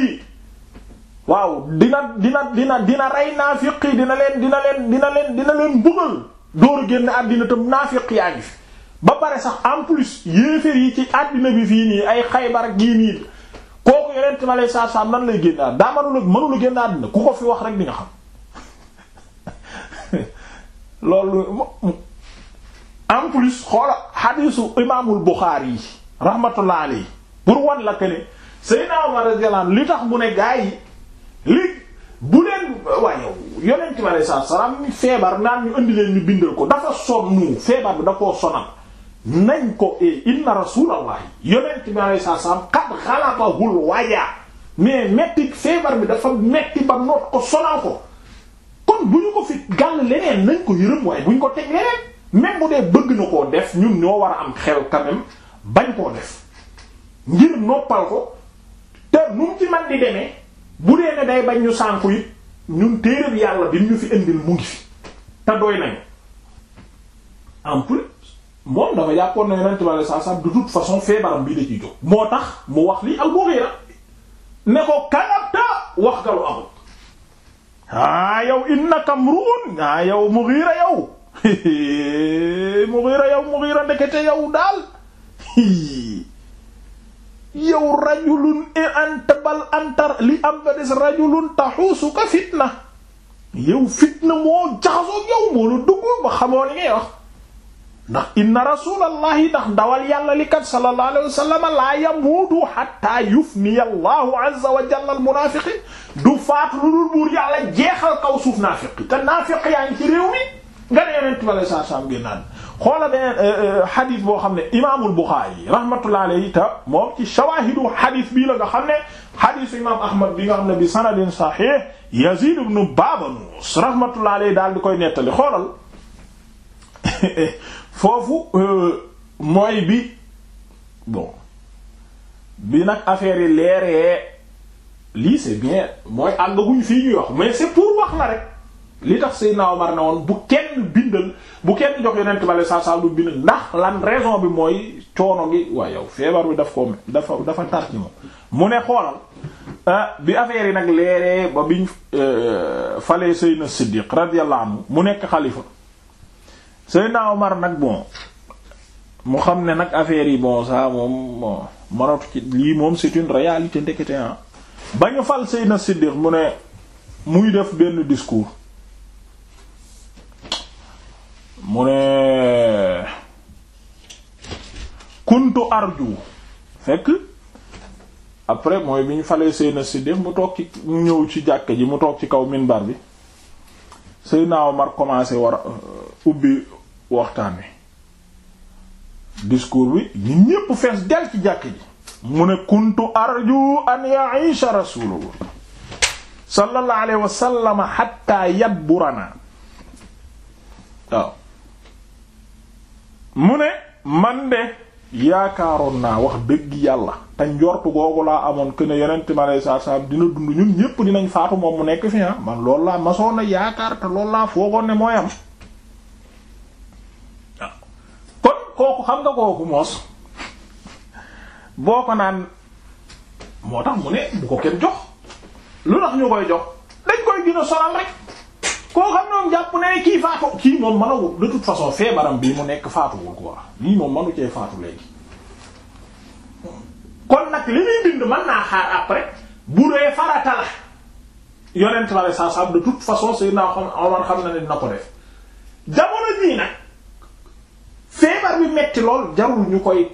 waaw dina dina dina dina rey naafiq yi dina leen dina leen dina leen dina leen mbugal dooru génn àddina tam naafiq yaa ngi fi ba pare sax en plus yéeféer yi ci àddina bi fii nii ay Xaybar gii nii kooku yonent ma lay sa saa nan lay génn àddina daa mënul mënul génn àddina ku ko fi wax rek di nga xam loolu en plus xoola xadiisu imaamul Buxaari yi rahmatullah alayhi pour wan la que ne Seydina Umar radiyallahu anhu li tax mu ne gaa yi li bu leen waa yow yonent bi alayhi salaam feebar naan ñu indi leen ñu bindal ko dafa sonnu feebar bi da koo sonal. nañ ko e inna rasulallahi yonent bi alayhi salaam qad ghalabahul waja mais metti feebar bi dafa metti ba noot ko sonal ko kon bu ñu ko fi gàll leneen nañ ko yërëm waaye bu ko teg leneen même bu dee koo def ñun ñoo war a am xel quand bañ koo ngir noppal ko te nu mu bu dee ne day bañ ñu sànku ñun téereeb yàlla bi ñu fi indil mu ngi fi te doy nañu en plus moom dafa yàppoon na yonent bi sallallahu alayhi de toute façon feebaram bii da ciy moo tax mu wax lii al-Mughira ne ko kanabta wax nga lu amul ah yow innaka mruun ah yow Mughira yow Mughira yow Mughira ndekete yow daal yow rajulun e anta bal antar li am ba des rajulun taxuusuka fitna yow fitna moo jaxasoo yow moo la dugg ba xamoo li ngay wax. ndax inna rasulallahi ndax ndawal yàlla li kat sallallahu alayhi wa sallam laa yamuutu hatta yufniya allahu azza wa jalla al munaafiqiin du faat lu dul buur yàlla jeexal kaw suuf naafiqi te naafiq yaa ngi ci réew mi nga ne yonent bi alayhi salaam ngeen naan xoola beneen hadith euh, euh, boo xam ne imaamul Buxaari rahmatullahi alayhi te moom ci shawaahidu hadith bii la nga xam ne hadith imaam Ahmad bi nga xam ne bi sanadin sahih Yazid ibn Babanus rahmatullahi alayhi daal di koy nettali xoolal foofu euh, moy bi bon bi nag affaire yi leeree lii c'est bien mooy àggaguñ fii ñuy wax mais c'est pour wax la rek li tax Seydina Omar ne woon bu kenn bindal bu kenn jox yonent bale saa saa du bindal ndax lan raison bi mooy coono gi waaye yow feebar bi daf ko dafa dafa tar ci moom mu ne xoolal euh, bi affaire yi nag leeree ba biñ euh, falee Seydina Siddiq radiyallahu anhu mu nekk xalifa Seydina mar nag bon mu xam ne nag affaire yi bon ça moom manatu ci lii moom c'est une réalité ndekete ah ba ñu fal Seydina Siddiq mu ne muy def benn discours mu ne kuntu arju fekk après mooy bi ñu falee Seydina Siddiq mu toog ci ñëw ci jàkk ji mu toog ci kaw minbar bi Seydina Omar commencé war euh, ubbi waxtaan wi discours bi nit ñépp fees del ci jàkk ji mu ne kuntu arju an ya'isha rasulullah sallallahu alayhi wa sallam hatta yadburana waaw mu ne man de yaakaaroon naa wax dëgg yàlla te njortu googu laa amoon que ne yonent mi salaam dina dund ñun ñépp dinañ faatu moom mu nekk fi ah man loolu laa masoon na yaakaar te loolu laa foogoon ne mooy am kooku xam nga kooku moos boo ko naan moo tax mu ne bu ko kenn jox lu tax ñu koy jox dañ koy gën a solal rek koo xam noonu jàpp ne kii faatu kii moom manawul de toute façon feebaram bii mu nekk faatuwul quoi lii moom manu cee faatu léegi kon nag li muy bind mën naa xaar après bu dee farata la yonent la saa saa de toute façon Seydina Omar xam na ne dina ko def jamono jii nag feebar bi metti lool jarul ñu koy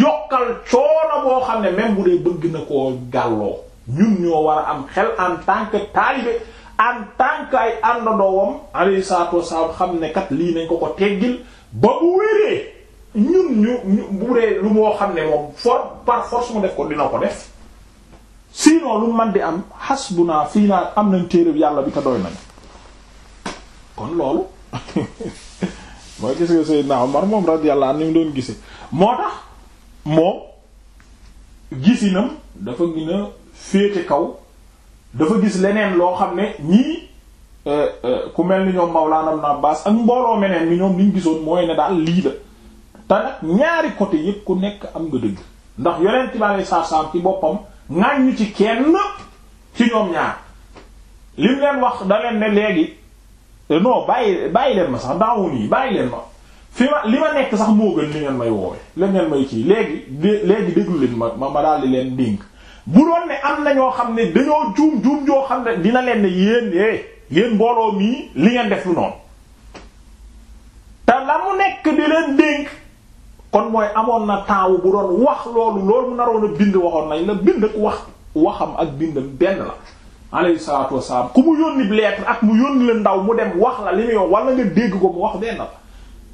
yokkal coono boo xam ne même bu dee bëgg na koo gàlloo ñun ñoo war a am xel en tant que en tant que ay àndandoowam alayhi salaatu wasalaam xam ne kat lii nañ ko ko teggil ba bu wéree ñun ñu ñu bu dee lu moo xam ne moom for par force mu def ko dina ko def sinon lu man di am hasbuna fii naa am nañ téeréb yàlla bi ko doy nañ kon loolu mooy gis nga Seydina Omar moom radiyallahu anhu ni mu doon gisee moo tax moom gisinam dafa gën a féete kaw dafa gis leneen loo xam ne ñii euh, euh, ku mel ni ñoom Mawlana naa Abbas ak mbooloo meneen mi ñoom liñ gisoon mooy ne daal lii la te ñaari côté yépp ku nekk am nga dëgg ndax yonent bi alei satu ci boppam ŋàññu ci kenn ci ñoom ñaar lim leen wax da leen ne léegi Euh, non bàyyi bàyyi leen ma sax daawu yi bàyyi ma fi ma li ma nekk sax moo gën li ngeen may woowe la may kii léegi léegi déglu leen ma ma daal di leen dénk bu doon ne am na ñoo xam ne dañoo juum juum joo xam ne dina leen ne yéen eh yéen mbooloo mii li ngeen def lu noonu te la mu nekk di leen dénk kon mooy amoon na taawu bu doon wax loolu loolu mu naroon a bind waxoon nañ la bind ak wax waxam ak bindam benn la. alayhi salaatu wasalaam ku mu yónni lettre ak mu yónni la ndaw mu dem wax la li muy wax wala nga dégg ko mu wax benn la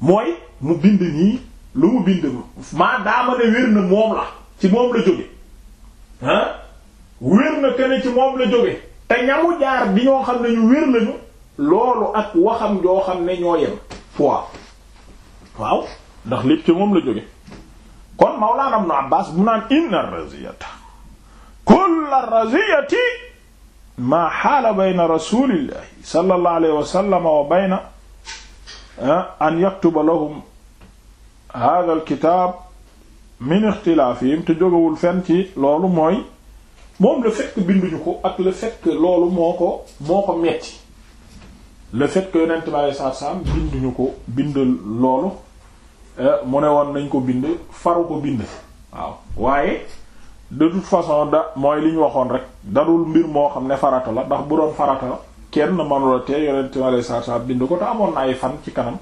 mooy mu bind nii lu mu bind maa daama ne wér na moom la ci moom la jóge te ñamu jaar bi ñoo xam ne ñu wér lañu loolu ak waxam joo xam ne ñoo yem fois waaw ndax lépp ci moom la jóge kon mawlaana ibn Abbaas bu naan inna raziyata kulla raziyati maa xaala bayna rasulillahi sallallahu alayhi wa sallam wa bayna ah, an yaktuba lahum hada alkitaab min ixtilaafihim te jógawul fenn ci loolu mooy moom le fait que binduñu ko ak le fait que loolu moo ko moo ko metti le fait que yonent bi alayhi salaatu salaam binduñu ko bind loolu eh, mu ne woon nañ ko bind faru ko bind waaw waaye de toute façon da mooy li ñu waxoon rek darul mbir moo xam ne farata la ndax bu doon farata la kenn manula te yonent mi aleyhi salaatu salaam bind ko te amoon na ay fan ci kanam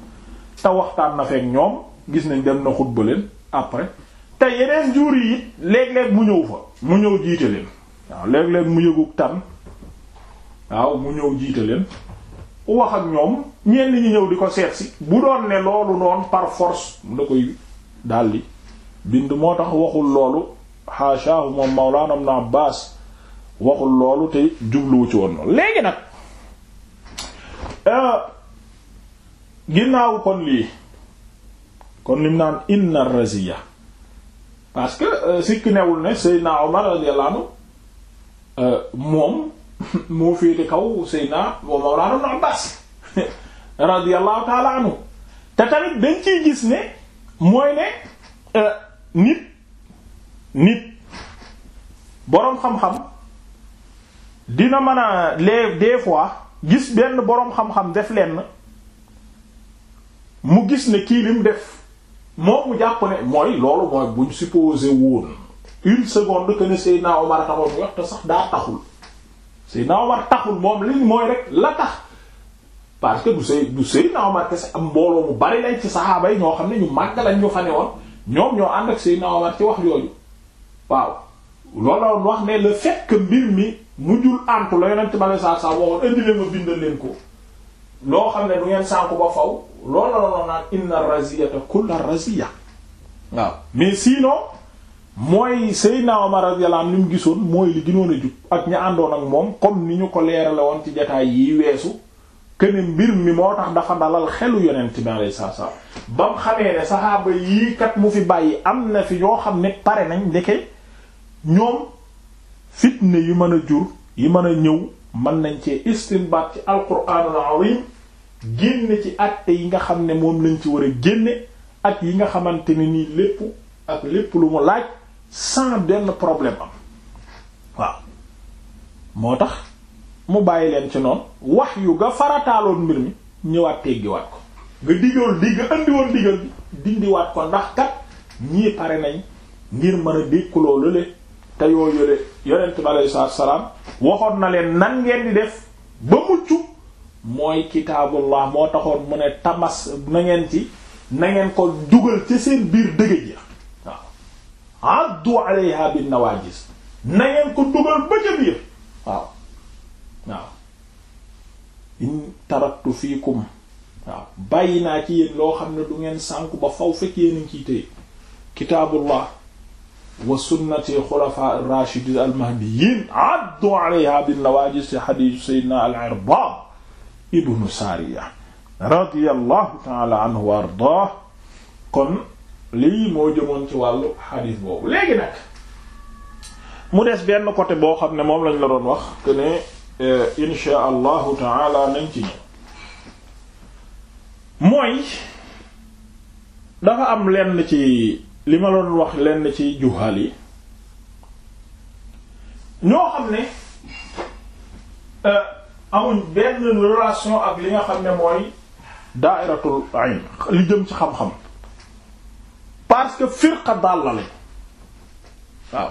te waxtaan na feek ñoom gis nañ dem na xutba leen après te yeneen jur yi it léeg mu ñëw fa mu ñëw jiite leen waaw léeg-léeg mu yëguk tan waaw mu ñëw jiite leen wax ak ñoom ñenn ñi ñëw di ko seet si bu doon ne loolu noonu par force mu da koy daldi bind moo tax waxul loolu xaashaahu moom Mawlaana Ibn Abbaas waxul loolu te jubluwu ci woon loolu léegi nag euh, ginnaaw kon lii kon lim naan inna raziya parce que euh, sikk newul ne Seydina Omar radiyallahu anhu euh, moom moo féete kaw Seydina wa Mawlaana Abbaas radiyallahu taala anhu te tamit dañ ciy gis ne mooy ne nit nit boroom xam-xam dina mën a les des fois gis benn boroom xam-xam def lenn mu gis ne kii lim def moom mu jàpp ne mooy loolu mooy buñ supposé woon une seconde que ne Seydina Omar taxoon mu wax te sax daa taxul Seydina Omar taxul moom li mooy rek la tax parce que du Sey du Seydina Omar kese am mbooloo mu bari lañ ci saxaaba yi ñoo xam ne ñu màgg lañ ñu fa ne woon ñoom ñoo ànd ak Seydina Omar ci wax yooyu. waaw loolu wax ne le fekk que mbir mi mujjul antu la yonent ma saa saa waxoon indi leen ma bindal leen ko loo xam ne du ngeen sànku ba faw loolu la doon naan inna raziyata kulla raziya waaw mais sinon mooy Seydina Omar radiyallahu anhu ni mu gisoon mooy li gënoon jub ak ña àndoon ak moom comme ni ñu ko leerale woon ci jataay yi weesu kene mbir mi moo tax dafa dalal xelu yonent bi alayhi salaam bam xamee ne saxaaba yii kat mu fi bàyyi am na fi yoo xam ne pare nañ ndeke ñoom fitne yu mën a jur yi mën a ñëw mën nañ cee istinbaat ci alquranul azim génne ci àtte yi nga xam ne moom lañ ci war a génne ak yi nga xamante ne nii lépp ak lépp lu mu laaj sans benn problème am waaw moo tax mu bàyyi leen ci noonu wax yu nga farataaloon mbir mi ñëwaat teggiwaat ko nga diggoon digg andiwoon diggal bi dindiwaat ko ndax kat ñii pare nañ ngir mën a dékkuloo lële te yoo yële yonent bi aleyhi salaam waxoon na leen nan ngeen di def ba mucc mooy kitaabullah moo taxoon mu ne tamas na ci nangeen ko dugal ci seen biir dëgg ja waaw addu alayha bin nawaajis na ngeen ko dugal ba ca waaw waaw in taraktu fiikum waaw bàyyi naa ci yéen loo xam ne du ngeen sànku ba faw fekk yéen a ngi ciy wa sunnati xulafaa ar-raashidiin al-mahdiyyiin addu alayhaa bin-nawaajid ci hadiisu sayyidinaa anhu wa kon lii moo jëmoon ci wàllu xadiis boobu léegi nag mu des benn côté boo xam ne moom lañ la doon wax que ne euh, inshaa allahu ta'aala nañ ci ñëw mooy dafa am lenn ci li ma doon wax lenn ci juhaal yi ñoo xam ne euh, amuñ benn relation ak li nga xam ne mooy daairatul ayn li jëm ci xam-xam parce que firqa daal la waaw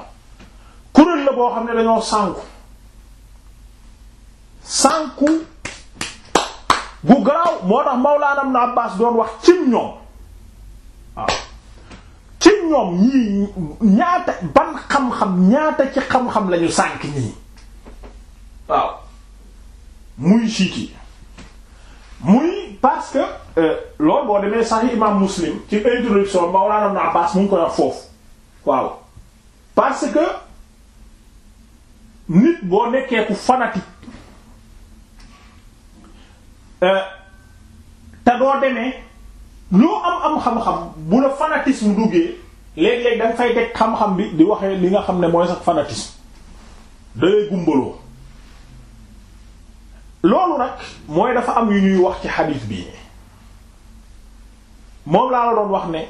kuréel la boo xam ne dañoo sànku sànku gu garaaw moo tax Mawlaana Ibn Abbaas doon wax cim ñoom waaw ñoom ñii ñaata ban xam-xam ñaata ci xam-xam lañu sànk nii waaw muy siiki muy parce que euh, loolu boo demee Sahih imam Muslim ci introduction Mawlana Ibn Abbas mu ngi koy wax foofu waaw parce que nit boo nekkee ku fanatique euh, te doo demee loo am am xam-xam bu la fanatisme duggee léeg-léeg da fay teg xam-xam bi di waxee li nga xam ne mooy sax fanatisme dalay gumbaloo loolu nag mooy dafa am yu ñuy wax ci xadiis bii moom laa la doon wax ne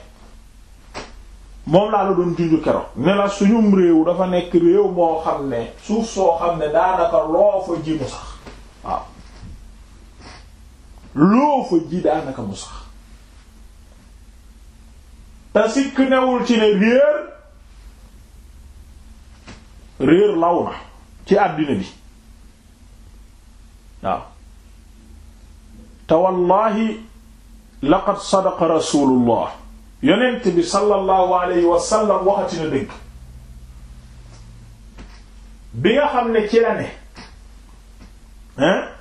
moom laa la doon junju keroog ne la suñum réew dafa nekk réew moo xam ne suuf soo xam ne daanaka loo fa ji mu sax waaw loo fa ji daanaka mu sax te sikk newul ci ne réer réer law na ci àddina bi waaw te wallahi laqad sadaqa rasulullah yonent bi sallallahu alayhi wa sallam waxati na dëgg bi nga xam ne ci la ne hein